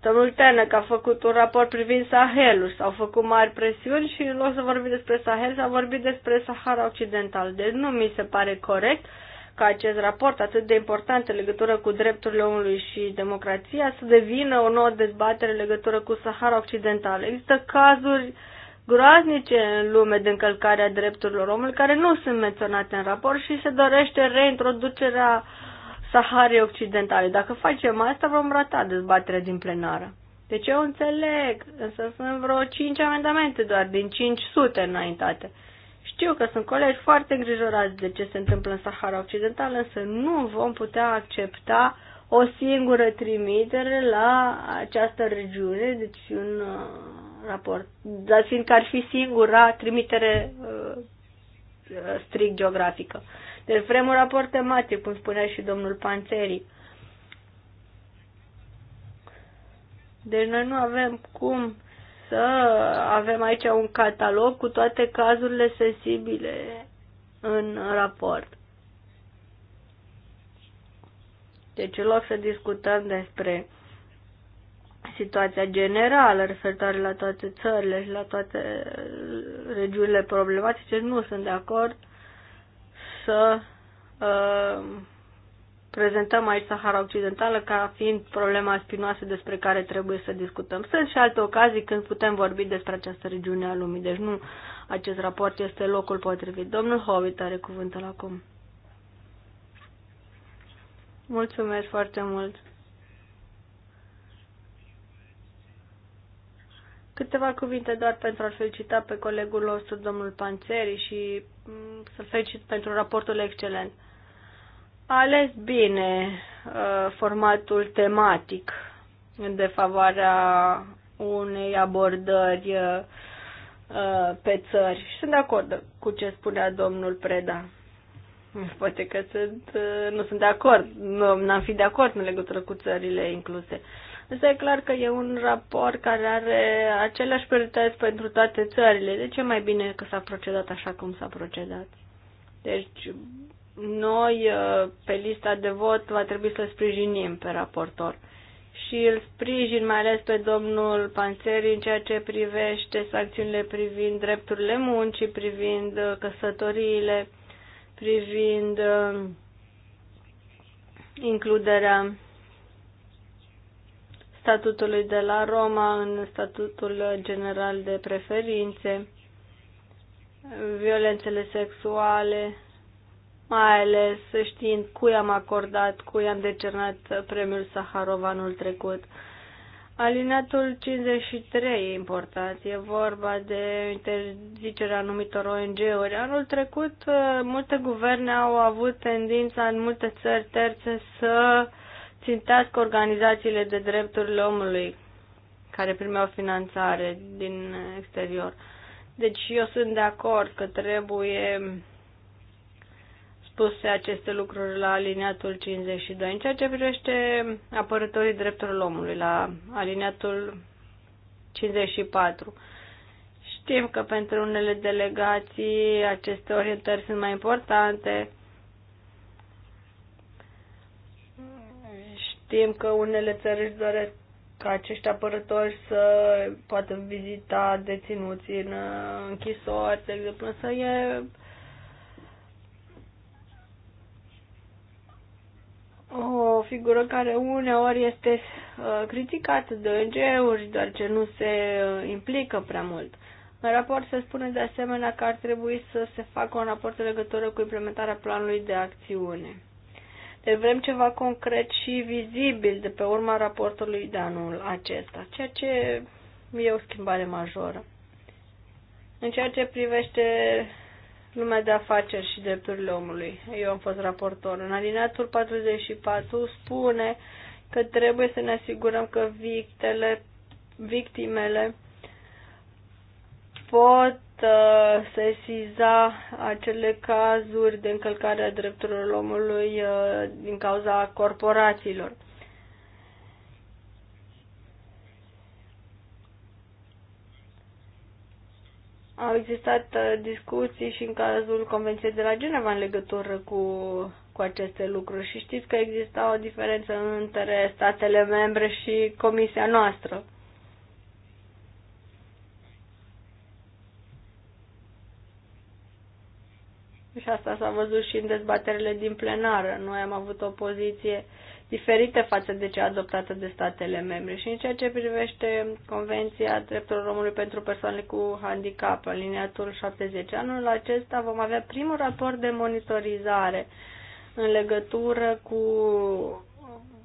Domnul Tenec a făcut un raport privind Sahelul, s-au făcut mari presiuni și în loc să vorbim despre Sahel, s-a vorbit despre Sahara Occidentală. Deci nu mi se pare corect uh, ca acest raport atât de important în legătură cu drepturile omului și democrația să devină o nouă dezbatere în legătură cu Sahara Occidentală. Există cazuri groaznice în lume de încălcare a drepturilor omului care nu sunt menționate în raport și se dorește reintroducerea Saharei Occidentale. Dacă facem asta, vom rata dezbaterea din plenară. Deci eu înțeleg, însă sunt vreo 5 amendamente doar din 500 înaintate. Știu că sunt colegi foarte îngrijorați de ce se întâmplă în Sahara Occidentală, însă nu vom putea accepta o singură trimitere la această regiune, deci un uh, raport, dar fiindcă ar fi singura trimitere uh, uh, strict geografică. Deci vrem un raport tematic, cum spunea și domnul Panțeri. Deci noi nu avem cum să avem aici un catalog cu toate cazurile sensibile în raport. Deci, în loc să discutăm despre situația generală referitoare la toate țările și la toate regiunile problematice, nu sunt de acord să uh, prezentăm aici Sahara Occidentală ca fiind problema spinoasă despre care trebuie să discutăm. Sunt și alte ocazii când putem vorbi despre această regiune a lumii, deci nu acest raport este locul potrivit. Domnul Hobbit are cuvântul acum. Mulțumesc foarte mult! Câteva cuvinte doar pentru a-l felicita pe colegul nostru, domnul Panțeri, și mm, să-l felicit pentru raportul excelent. Uh, a ales bine uh, formatul tematic în defavoarea unei abordări uh, uh, pe țări. Și sunt de acord cu ce spunea domnul Preda. Poate că sunt, nu sunt de acord, nu n-am fi de acord în legătură cu țările incluse. Însă e clar că e un raport care are aceleași priorități pentru toate țările. De ce mai bine că s-a procedat așa cum s-a procedat? Deci, noi uh, pe lista de vot va trebui să sprijinim pe raportor și îl sprijin mai ales pe domnul Panțeri în ceea ce privește sancțiunile privind drepturile muncii, privind uh, căsătoriile, privind uh, includerea statutului de la Roma în statutul general de preferințe, violențele sexuale, mai ales știind cui am acordat, cui am decernat premiul Saharov anul trecut. Alineatul 53 e important, e vorba de interzicerea anumitor ONG-uri. Anul trecut, uh, multe guverne au avut tendința în multe țări terțe să țintească organizațiile de drepturile omului care primeau finanțare din exterior. Deci eu sunt de acord că trebuie spuse aceste lucruri la aliniatul 52. În ceea ce privește apărătorii drepturilor omului, la aliniatul 54. Știm că pentru unele delegații aceste orientări sunt mai importante. Știm că unele țări își doresc ca acești apărători să poată vizita deținuții în închisori, de exemplu, să e o figură care uneori este uh, criticată de ONG-uri, doar ce nu se uh, implică prea mult. În raport se spune de asemenea că ar trebui să se facă un raport în legătură cu implementarea planului de acțiune. Deci vrem ceva concret și vizibil de pe urma raportului de anul acesta, ceea ce e o schimbare majoră. În ceea ce privește lumea de afaceri și drepturile omului. Eu am fost raportor. În alineatul 44 spune că trebuie să ne asigurăm că victele, victimele pot uh, sesiza acele cazuri de încălcare a drepturilor omului uh, din cauza corporațiilor. Au existat uh, discuții și în cazul Convenției de la Geneva în legătură cu, cu aceste lucruri și știți că exista o diferență între statele membre și comisia noastră. Și asta s-a văzut și în dezbaterele din plenară. Noi am avut o poziție uh, diferite față de cea adoptată de statele membre. Și în ceea ce privește Convenția Drepturilor Omului pentru Persoanele cu Handicap, în liniatul 70, anul acesta vom avea primul raport de monitorizare în legătură cu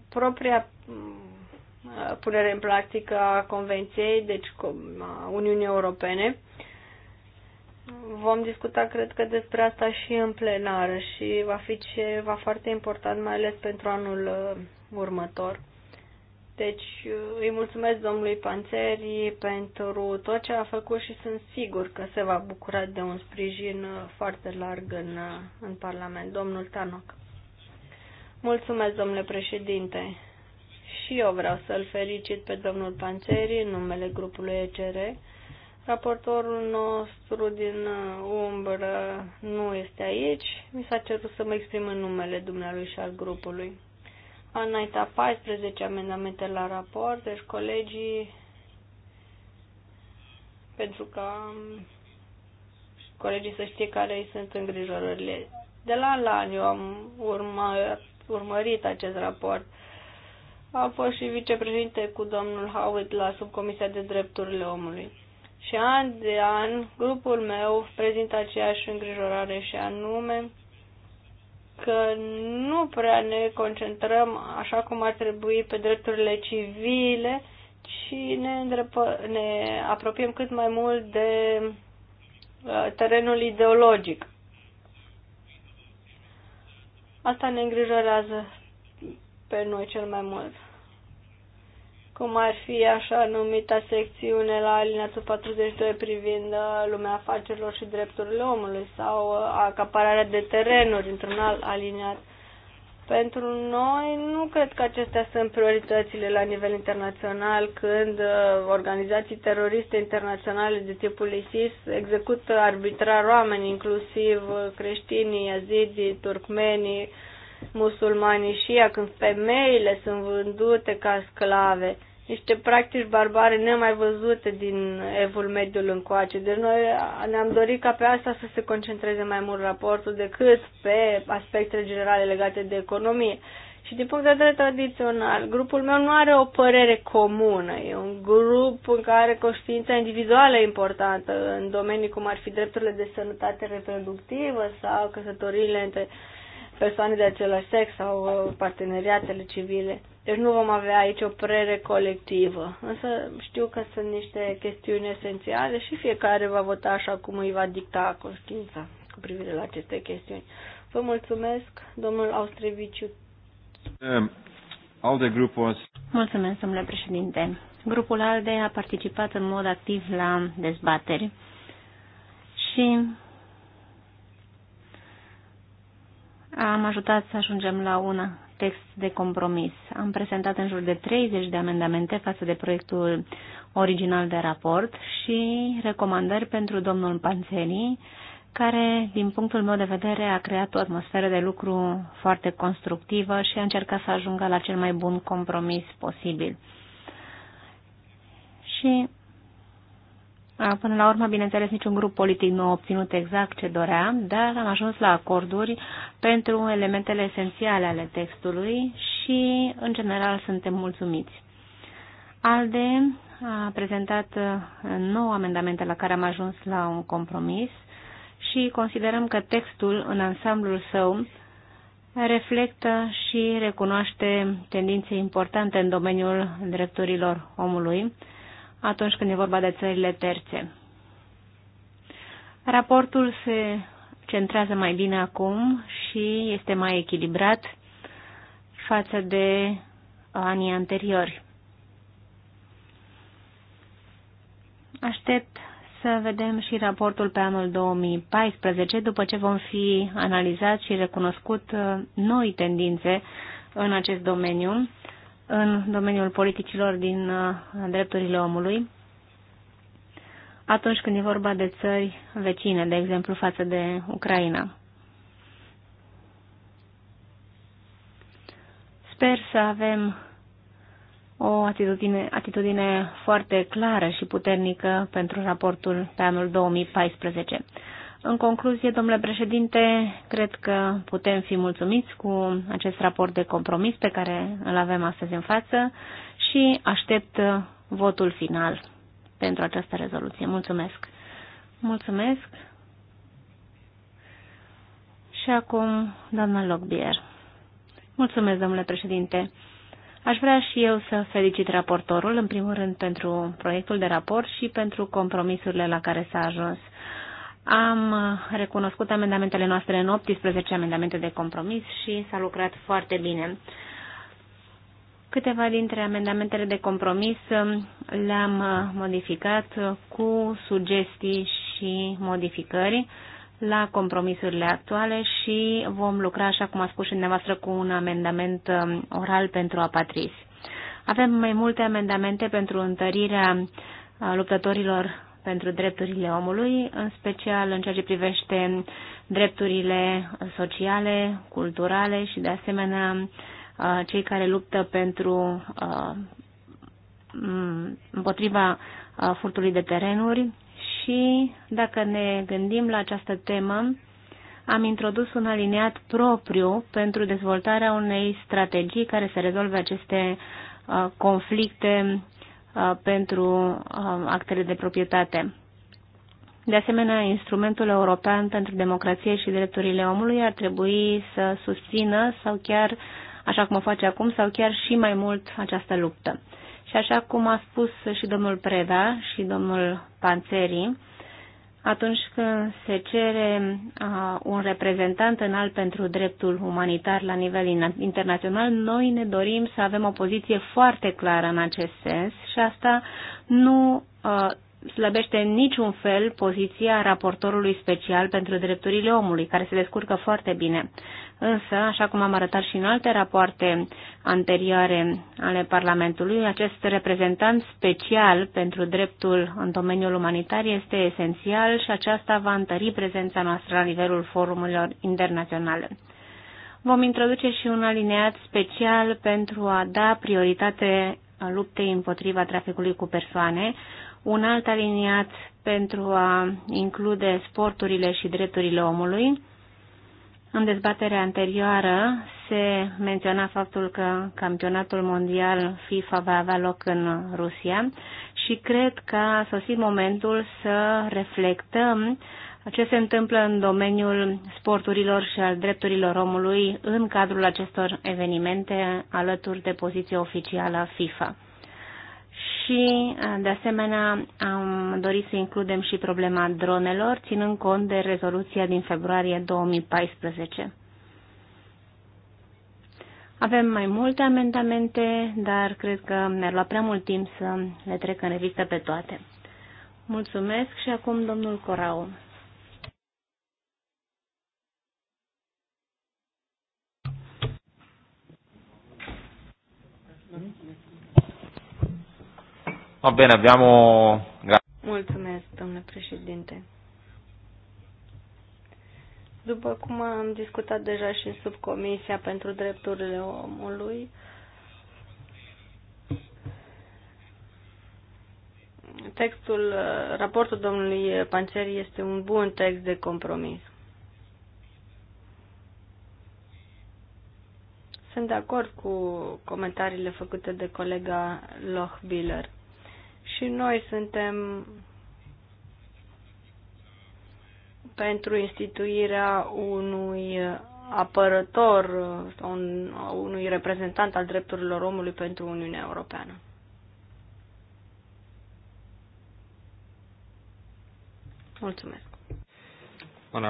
propria mm, punere în practică a Convenției, deci a Uniunii Europene, vom discuta, cred că, despre asta și în plenară și va fi ceva foarte important, mai ales pentru anul uh, următor. Deci uh, îi mulțumesc domnului Panțeri pentru tot ce a făcut și sunt sigur că se va bucura de un sprijin uh, foarte larg în, în Parlament. Domnul Tanoc. Mulțumesc, domnule președinte. Și eu vreau să-l felicit pe domnul Panțeri în numele grupului ECR Raportorul nostru din uh, umbră nu este aici. Mi s-a cerut să mă exprim în numele dumnealui și al grupului. Am înaintat 14 amendamente la raport, deci colegii, pentru ca colegii să știe care îi sunt îngrijorările. De la la an eu am urmat, urmărit acest raport. Am fost și vicepreședinte cu domnul Howitt la subcomisia de drepturile omului. Și an de an, grupul meu prezintă aceeași îngrijorare și anume că nu prea ne concentrăm așa cum ar trebui pe drepturile civile, și ne, îndrepă, ne apropiem cât mai mult de uh, terenul ideologic. Asta ne îngrijorează pe noi cel mai mult cum ar fi așa numita secțiune la alineatul 42 privind uh, lumea afacerilor și drepturile omului sau uh, acapararea de terenuri într-un alt aliniat. Pentru noi nu cred că acestea sunt prioritățile la nivel internațional când uh, organizații teroriste internaționale de tipul ISIS execută arbitrar oameni, inclusiv creștinii, azidii, turcmenii, musulmani și ea, când femeile sunt vândute ca sclave niște practici barbare nemai văzute din evul mediul încoace. Deci noi ne-am dorit ca pe asta să se concentreze mai mult raportul decât pe aspectele generale legate de economie. Și din punct de vedere tradițional, grupul meu nu are o părere comună. E un grup în care conștiința individuală e importantă, în domenii cum ar fi drepturile de sănătate reproductivă sau căsătoriile între persoane de același sex sau parteneriatele civile. Deci nu vom avea aici o prere colectivă. Însă știu că sunt niște chestiuni esențiale și fiecare va vota așa cum îi va dicta conștiința cu privire la aceste chestiuni. Vă mulțumesc, domnul Austreviciu. Um, mulțumesc, domnule președinte. Grupul ALDE a participat în mod activ la dezbateri și am ajutat să ajungem la un text de compromis. Am prezentat în jur de 30 de amendamente față de proiectul original de raport și recomandări pentru domnul Panțeni, care, din punctul meu de vedere, a creat o atmosferă de lucru foarte constructivă și a încercat să ajungă la cel mai bun compromis posibil. Și Până la urmă, bineînțeles, niciun grup politic nu a obținut exact ce dorea, dar am ajuns la acorduri pentru elementele esențiale ale textului și, în general, suntem mulțumiți. ALDE a prezentat 9 uh, amendamente la care am ajuns la un compromis și considerăm că textul, în ansamblul său, reflectă și recunoaște tendințe importante în domeniul drepturilor omului, atunci când e vorba de țările terțe. Raportul se centrează mai bine acum și este mai echilibrat față de uh, anii anteriori. Aștept să vedem și raportul pe anul 2014, după ce vom fi analizat și recunoscut uh, noi tendințe în acest domeniu, în domeniul politicilor din uh, drepturile omului atunci când e vorba de țări vecine, de exemplu față de Ucraina. Sper să avem o atitudine, atitudine foarte clară și puternică pentru raportul pe anul 2014. În concluzie, domnule președinte, cred că putem fi mulțumiți cu acest raport de compromis pe care îl avem astăzi în față și aștept votul final pentru această rezoluție. Mulțumesc! Mulțumesc! Și acum, doamna Logbier. Mulțumesc, domnule președinte. Aș vrea și eu să felicit raportorul, în primul rând, pentru proiectul de raport și pentru compromisurile la care s-a ajuns. Am uh, recunoscut amendamentele noastre în 18 amendamente de compromis și s-a lucrat foarte bine. Câteva dintre amendamentele de compromis um, le-am uh, modificat uh, cu sugestii și modificări la compromisurile actuale și vom lucra, așa cum a spus și dumneavoastră, cu un amendament um, oral pentru apatris. Avem mai multe amendamente pentru întărirea luptătorilor pentru drepturile omului, în special în ceea ce privește drepturile sociale, culturale și, de asemenea, uh, cei care luptă pentru uh, împotriva uh, furtului de terenuri și, dacă ne gândim la această temă, am introdus un aliniat propriu pentru dezvoltarea unei strategii care să rezolve aceste conflicte Uh, pentru uh, actele de proprietate. De asemenea, instrumentul european pentru democrație și drepturile omului ar trebui să susțină sau chiar, așa cum o face acum, sau chiar și mai mult această luptă. Și așa cum a spus și domnul Preda și domnul Panțeri, atunci când se cere uh, un reprezentant înalt pentru dreptul umanitar la nivel internațional, noi ne dorim să avem o poziție foarte clară în acest sens și asta nu uh, slăbește în niciun fel poziția raportorului special pentru drepturile omului, care se descurcă foarte bine. Însă, așa cum am arătat și în alte rapoarte anterioare ale Parlamentului, acest reprezentant special pentru dreptul în domeniul umanitar este esențial și aceasta va întări prezența noastră la nivelul forumurilor internaționale. Vom introduce și un alineat special pentru a da prioritate luptei împotriva traficului cu persoane, un alt aliniat pentru a include sporturile și drepturile omului. În dezbaterea anterioară se menționa faptul că campionatul mondial FIFA va avea loc în Rusia și cred că a sosit momentul să reflectăm ce se întâmplă în domeniul sporturilor și al drepturilor omului în cadrul acestor evenimente alături de poziția oficială a FIFA și, de asemenea, am dorit să includem și problema dronelor, ținând cont de rezoluția din februarie 2014. Avem mai multe amendamente, dar cred că mi-ar lua prea mult timp să le trec în revistă pe toate. Mulțumesc și acum domnul Corau. Va bene, abbiamo... Mulțumesc, domnule președinte. După cum am discutat deja și în subcomisia pentru drepturile omului, textul, raportul domnului Panțeri este un bun text de compromis. Sunt de acord cu comentariile făcute de colega Lochbiller și noi suntem pentru instituirea unui apărător sau un, unui reprezentant al drepturilor omului pentru Uniunea Europeană. Mulțumesc. Bună,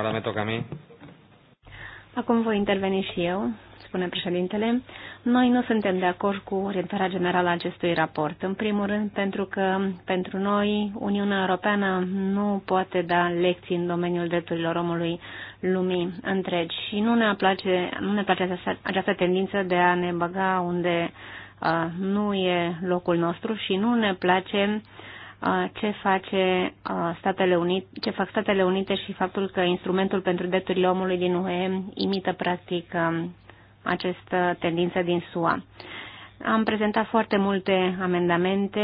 Acum voi interveni și eu, spune președintele. Noi nu suntem de acord cu orientarea generală a acestui raport. În primul rând, pentru că pentru noi Uniunea Europeană nu poate da lecții în domeniul drepturilor omului lumii întregi și nu ne place, nu ne place această, această tendință de a ne băga unde uh, nu e locul nostru și nu ne place uh, ce face uh, Statele Unite, ce fac Statele Unite și faptul că instrumentul pentru drepturile omului din UE imită practic um, această tendință din SUA. Am prezentat foarte multe amendamente,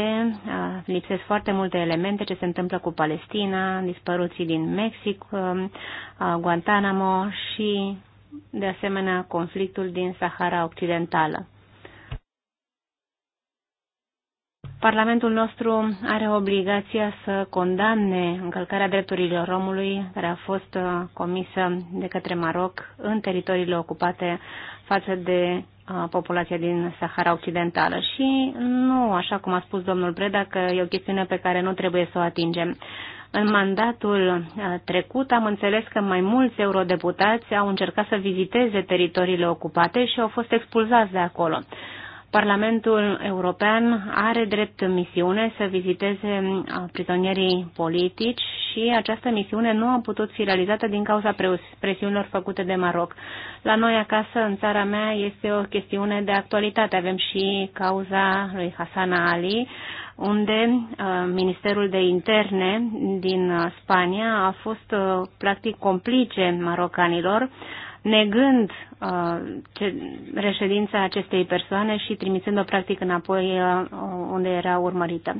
uh, lipsesc foarte multe elemente, ce se întâmplă cu Palestina, dispăruții din Mexic, uh, uh, Guantanamo și, de asemenea, conflictul din Sahara Occidentală. Parlamentul nostru are obligația să condamne încălcarea drepturilor omului care a fost uh, comisă de către Maroc în teritoriile ocupate față de uh, populația din Sahara Occidentală. Și nu, așa cum a spus domnul Preda, că e o chestiune pe care nu trebuie să o atingem. În mandatul uh, trecut am înțeles că mai mulți eurodeputați au încercat să viziteze teritoriile ocupate și au fost expulzați de acolo. Parlamentul European are drept misiune să viziteze uh, prizonierii politici și această misiune nu a putut fi realizată din cauza presiunilor făcute de Maroc. La noi acasă, în țara mea, este o chestiune de actualitate. Avem și cauza lui Hassan Ali, unde uh, Ministerul de Interne din uh, Spania a fost practic complice marocanilor negând uh, ce, reședința acestei persoane și trimițând-o practic înapoi uh, unde era urmărită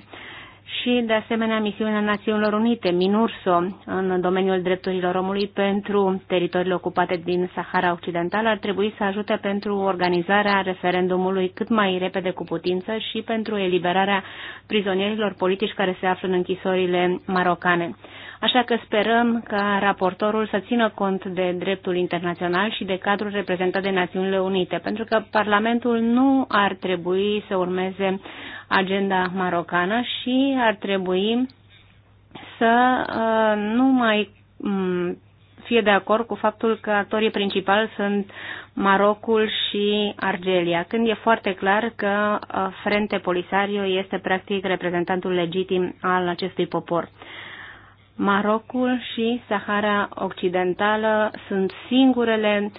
și, de asemenea, misiunea Națiunilor Unite, MINURSO, în domeniul drepturilor omului pentru teritoriile ocupate din Sahara Occidentală, ar trebui să ajute pentru organizarea referendumului cât mai repede cu putință și pentru eliberarea prizonierilor politici care se află în închisorile marocane. Așa că sperăm ca raportorul să țină cont de dreptul internațional și de cadrul reprezentat de Națiunile Unite, pentru că Parlamentul nu ar trebui să urmeze agenda marocană și ar trebui să uh, nu mai mm, fie de acord cu faptul că actorii principali sunt Marocul și Argelia, când e foarte clar că uh, Frente Polisario este practic reprezentantul legitim al acestui popor. Marocul și Sahara Occidentală sunt singurele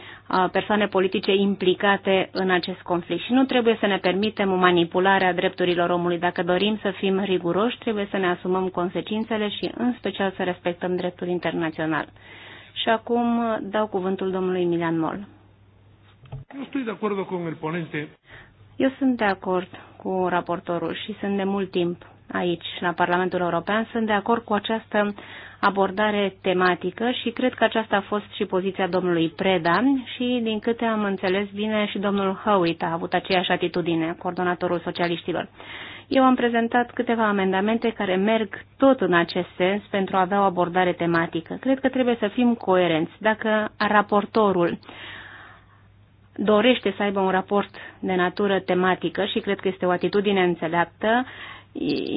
persoane politice implicate în acest conflict. Și nu trebuie să ne permitem o manipulare a drepturilor omului. Dacă dorim să fim riguroși, trebuie să ne asumăm consecințele și în special să respectăm dreptul internațional. Și acum dau cuvântul domnului Milan Mol. Eu sunt de acord cu el ponente. Eu sunt de acord cu raportorul și sunt de mult timp aici, la Parlamentul European, sunt de acord cu această abordare tematică și cred că aceasta a fost și poziția domnului Preda și, din câte am înțeles bine, și domnul Howitt a avut aceeași atitudine, coordonatorul socialiștilor. Eu am prezentat câteva amendamente care merg tot în acest sens pentru a avea o abordare tematică. Cred că trebuie să fim coerenți. Dacă raportorul dorește să aibă un raport de natură tematică și cred că este o atitudine înțeleaptă,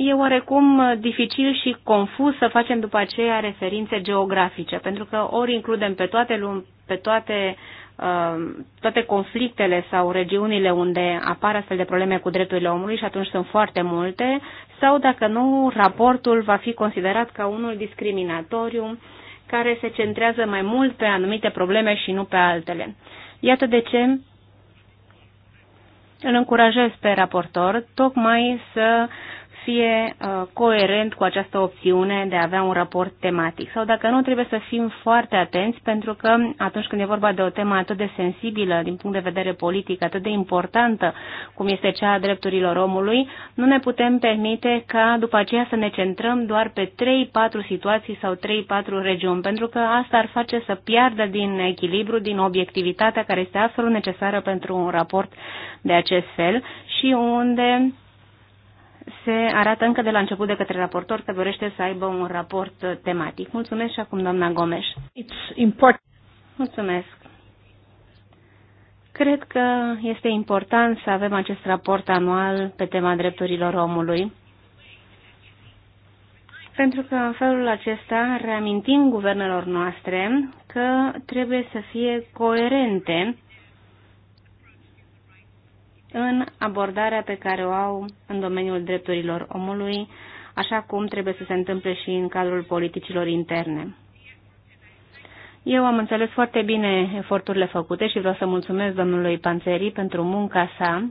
e oarecum dificil și confuz să facem după aceea referințe geografice, pentru că ori includem pe toate, pe toate, uh, toate conflictele sau regiunile unde apar astfel de probleme cu drepturile omului și atunci sunt foarte multe, sau dacă nu, raportul va fi considerat ca unul discriminatoriu care se centrează mai mult pe anumite probleme și nu pe altele. Iată de ce îl încurajez pe raportor tocmai să uh, fie uh, coerent cu această opțiune de a avea un raport tematic. Sau dacă nu, trebuie să fim foarte atenți, pentru că atunci când e vorba de o temă atât de sensibilă din punct de vedere politic, atât de importantă cum este cea a drepturilor omului, nu ne putem permite ca după aceea să ne centrăm doar pe 3-4 situații sau 3-4 regiuni, pentru că asta ar face să piardă din echilibru, din obiectivitatea care este absolut necesară pentru un raport de acest fel și unde se arată încă de la început de către raportor că dorește să aibă un raport tematic. Mulțumesc și acum, doamna Gomes. It's important. Mulțumesc. Cred că este important să avem acest raport anual pe tema drepturilor omului, pentru că în felul acesta reamintim guvernelor noastre că trebuie să fie coerente în abordarea pe care o au în domeniul drepturilor omului, așa cum trebuie să se întâmple și în cadrul politicilor interne. Eu am înțeles foarte bine eforturile făcute și vreau să mulțumesc domnului Panțeri pentru munca sa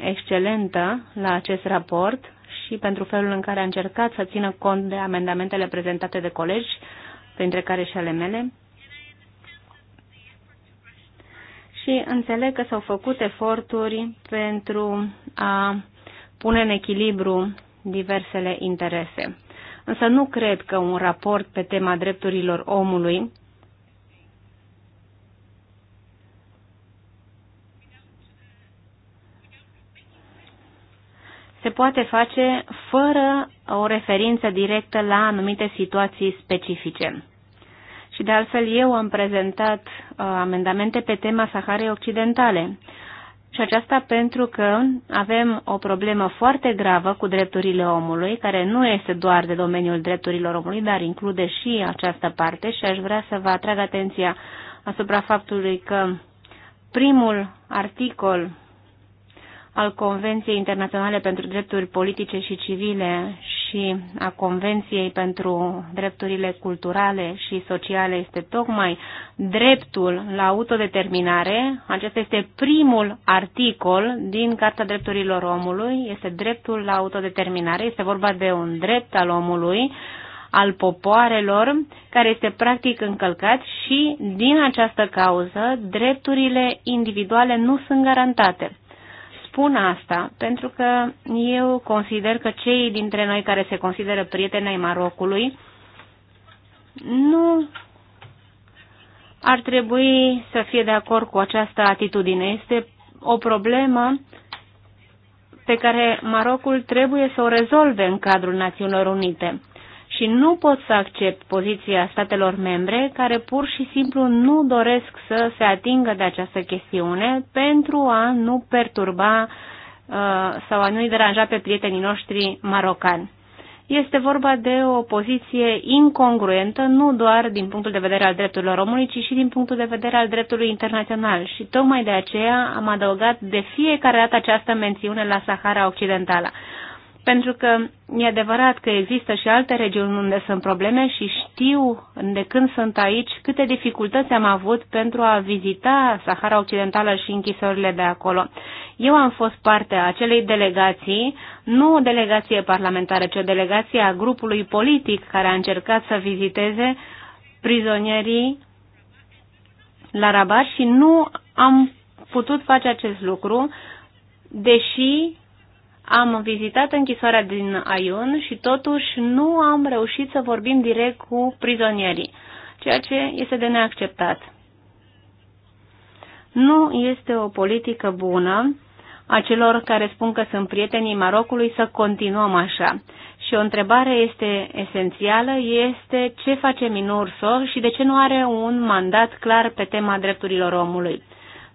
excelentă la acest raport și pentru felul în care a încercat să țină cont de amendamentele prezentate de colegi, printre care și ale mele, și înțeleg că s-au făcut eforturi pentru a pune în echilibru diversele interese. Însă nu cred că un raport pe tema drepturilor omului se poate face fără o referință directă la anumite situații specifice. Și de altfel eu am prezentat uh, amendamente pe tema Saharei Occidentale. Și aceasta pentru că avem o problemă foarte gravă cu drepturile omului, care nu este doar de domeniul drepturilor omului, dar include și această parte și aș vrea să vă atrag atenția asupra faptului că primul articol al Convenției Internaționale pentru Drepturi Politice și Civile și a Convenției pentru drepturile culturale și sociale este tocmai dreptul la autodeterminare. Acesta este primul articol din Carta Drepturilor Omului, este dreptul la autodeterminare, este vorba de un drept al omului al popoarelor, care este practic încălcat și, din această cauză, drepturile individuale nu sunt garantate spun asta pentru că eu consider că cei dintre noi care se consideră prieteni ai Marocului nu ar trebui să fie de acord cu această atitudine. Este o problemă pe care Marocul trebuie să o rezolve în cadrul Națiunilor Unite și nu pot să accept poziția statelor membre care pur și simplu nu doresc să se atingă de această chestiune pentru a nu perturba uh, sau a nu-i deranja pe prietenii noștri marocani. Este vorba de o poziție incongruentă, nu doar din punctul de vedere al drepturilor omului, ci și din punctul de vedere al dreptului internațional. Și tocmai de aceea am adăugat de fiecare dată această mențiune la Sahara Occidentală. Pentru că e adevărat că există și alte regiuni unde sunt probleme și știu de când sunt aici câte dificultăți am avut pentru a vizita Sahara Occidentală și închisorile de acolo. Eu am fost parte a acelei delegații, nu o delegație parlamentară, ci o delegație a grupului politic care a încercat să viziteze prizonierii la Rabat și nu am putut face acest lucru, deși am vizitat închisoarea din Aion și totuși nu am reușit să vorbim direct cu prizonierii, ceea ce este de neacceptat. Nu este o politică bună a celor care spun că sunt prietenii Marocului să continuăm așa. Și o întrebare este esențială este ce face Minurso și de ce nu are un mandat clar pe tema drepturilor omului.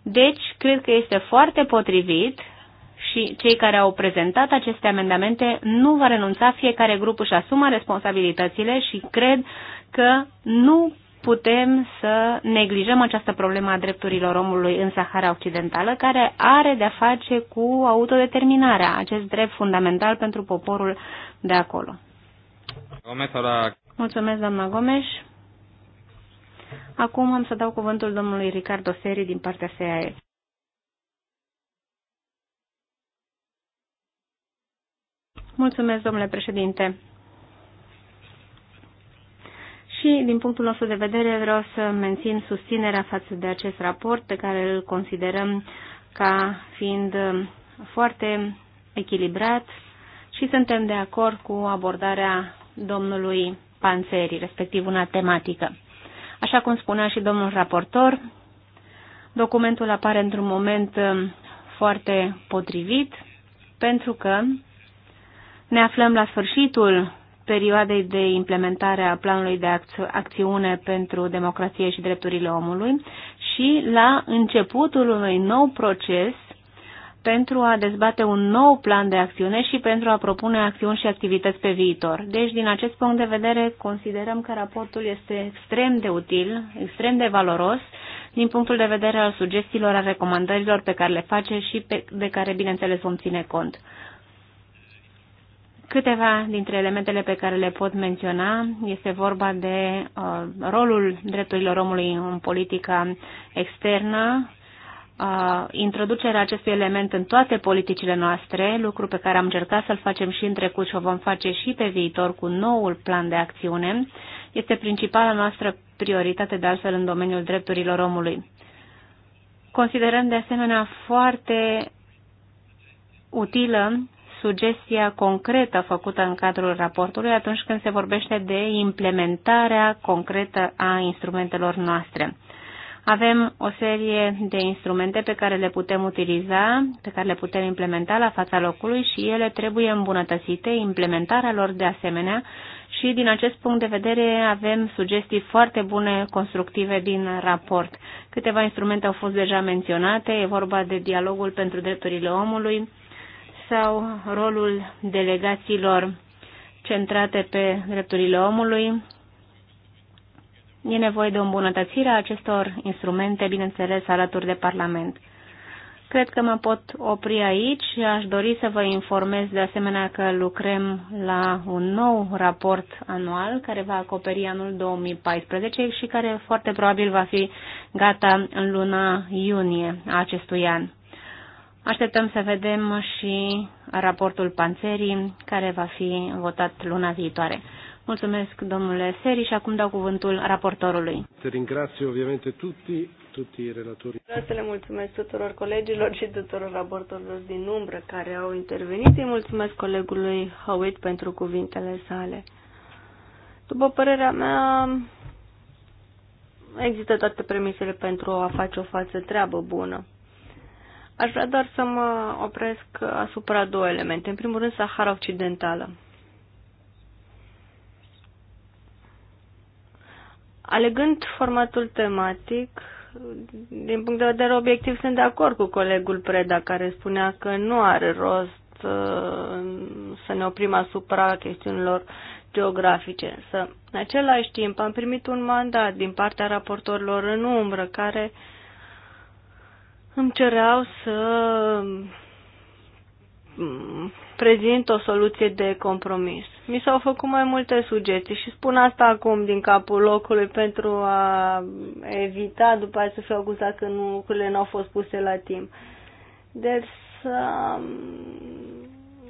Deci, cred că este foarte potrivit și cei care au prezentat aceste amendamente nu va renunța, fiecare grup își asumă responsabilitățile și cred că nu putem să neglijăm această problemă a drepturilor omului în Sahara Occidentală, care are de-a face cu autodeterminarea, acest drept fundamental pentru poporul de acolo. Mulțumesc, doamna Gomes. Acum am să dau cuvântul domnului Ricardo Seri din partea SEAE. Mulțumesc, domnule președinte. Și, din punctul nostru de vedere, vreau să mențin susținerea față de acest raport, pe care îl considerăm ca fiind foarte echilibrat și suntem de acord cu abordarea domnului Panțeri, respectiv una tematică. Așa cum spunea și domnul raportor, documentul apare într-un moment foarte potrivit, pentru că ne aflăm la sfârșitul perioadei de implementare a planului de acțiune pentru democrație și drepturile omului și la începutul unui nou proces pentru a dezbate un nou plan de acțiune și pentru a propune acțiuni și activități pe viitor. Deci, din acest punct de vedere, considerăm că raportul este extrem de util, extrem de valoros, din punctul de vedere al sugestiilor, al recomandărilor pe care le face și pe, de care, bineînțeles, vom ține cont. Câteva dintre elementele pe care le pot menționa este vorba de uh, rolul drepturilor omului în politica externă, uh, introducerea acestui element în toate politicile noastre, lucru pe care am încercat să-l facem și în trecut și o vom face și pe viitor cu noul plan de acțiune, este principala noastră prioritate de altfel în domeniul drepturilor omului. Considerăm de asemenea foarte utilă sugestia concretă făcută în cadrul raportului atunci când se vorbește de implementarea concretă a instrumentelor noastre. Avem o serie de instrumente pe care le putem utiliza, pe care le putem implementa la fața locului și ele trebuie îmbunătățite, implementarea lor de asemenea și din acest punct de vedere avem sugestii foarte bune, constructive din raport. Câteva instrumente au fost deja menționate, e vorba de dialogul pentru drepturile omului, sau rolul delegațiilor centrate pe drepturile omului. E nevoie de o îmbunătățire a acestor instrumente, bineînțeles, alături de Parlament. Cred că mă pot opri aici și aș dori să vă informez de asemenea că lucrăm la un nou raport anual care va acoperi anul 2014 și care foarte probabil va fi gata în luna iunie acestui an. Așteptăm să vedem și raportul Panțerii, care va fi votat luna viitoare. Mulțumesc, domnule Seri, și acum dau cuvântul raportorului. Te ringrazio, obviamente, tutti, tutti relatori. Vreau să le mulțumesc tuturor colegilor și tuturor raportorilor din umbră care au intervenit. Îi mulțumesc colegului Howitt pentru cuvintele sale. După părerea mea, există toate premisele pentru a face o față treabă bună. Aș vrea doar să mă opresc asupra două elemente. În primul rând, Sahara Occidentală. Alegând formatul tematic, din punct de vedere obiectiv, sunt de acord cu colegul Preda, care spunea că nu are rost uh, să ne oprim asupra chestiunilor geografice. Să, în același timp, am primit un mandat din partea raportorilor în umbră, care uh, îmi cereau să mm, prezint o soluție de compromis. Mi s-au făcut mai multe sugestii și spun asta acum din capul locului pentru a evita după aceea să fiu acuzat că nu, lucrurile nu au fost puse la timp. Deci să um,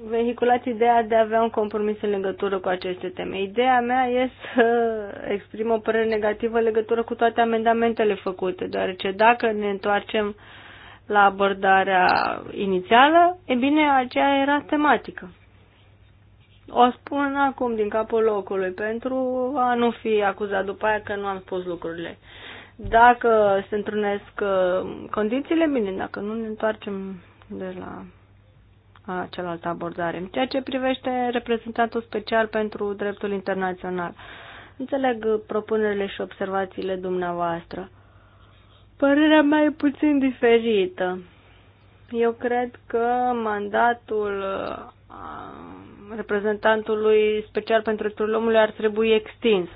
vehiculați ideea de a avea un compromis în legătură cu aceste teme. Ideea mea este să exprim o părere negativă în legătură cu toate amendamentele făcute, deoarece dacă ne întoarcem la abordarea inițială, e bine, aceea era tematică. O spun acum din capul locului pentru a nu fi acuzat după aia că nu am spus lucrurile. Dacă se întrunesc uh, condițiile, bine, dacă nu ne întoarcem de la a cealaltă abordare. În ceea ce privește reprezentantul special pentru dreptul internațional, înțeleg uh, propunerile și observațiile dumneavoastră. Părerea mea e puțin diferită. Eu cred că mandatul uh, reprezentantului special pentru drepturile omului ar trebui extins.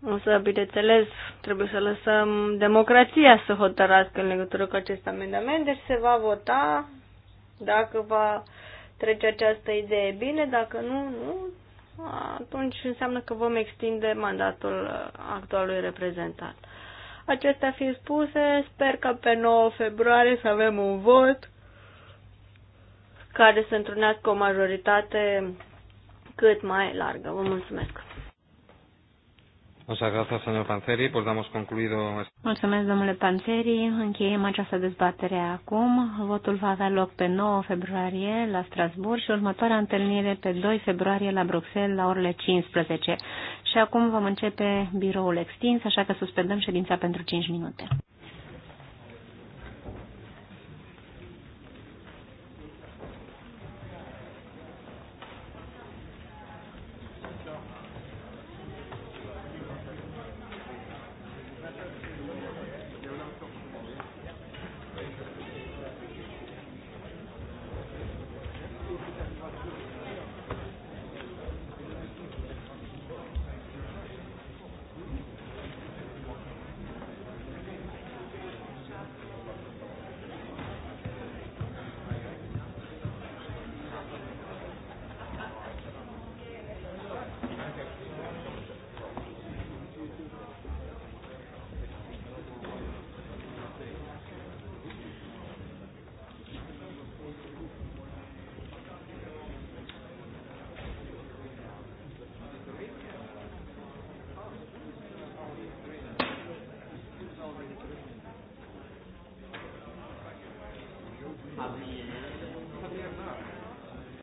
Însă, bineînțeles, trebuie să lăsăm democrația să hotărască în legătură cu acest amendament, deci se va vota dacă va trece această idee bine, dacă nu, nu, atunci înseamnă că vom extinde mandatul uh, actualului reprezentant. Acestea fiind spuse, sper că pe 9 februarie să avem un vot care să întrunească o majoritate cât mai largă. Vă mulțumesc! Mulțumesc, domnule Panzeri. Încheiem această dezbatere acum. Votul va avea loc pe 9 februarie la Strasburg și următoarea întâlnire pe 2 februarie la Bruxelles la orele 15 și acum vom începe biroul extins, așa că suspendăm ședința pentru 5 minute.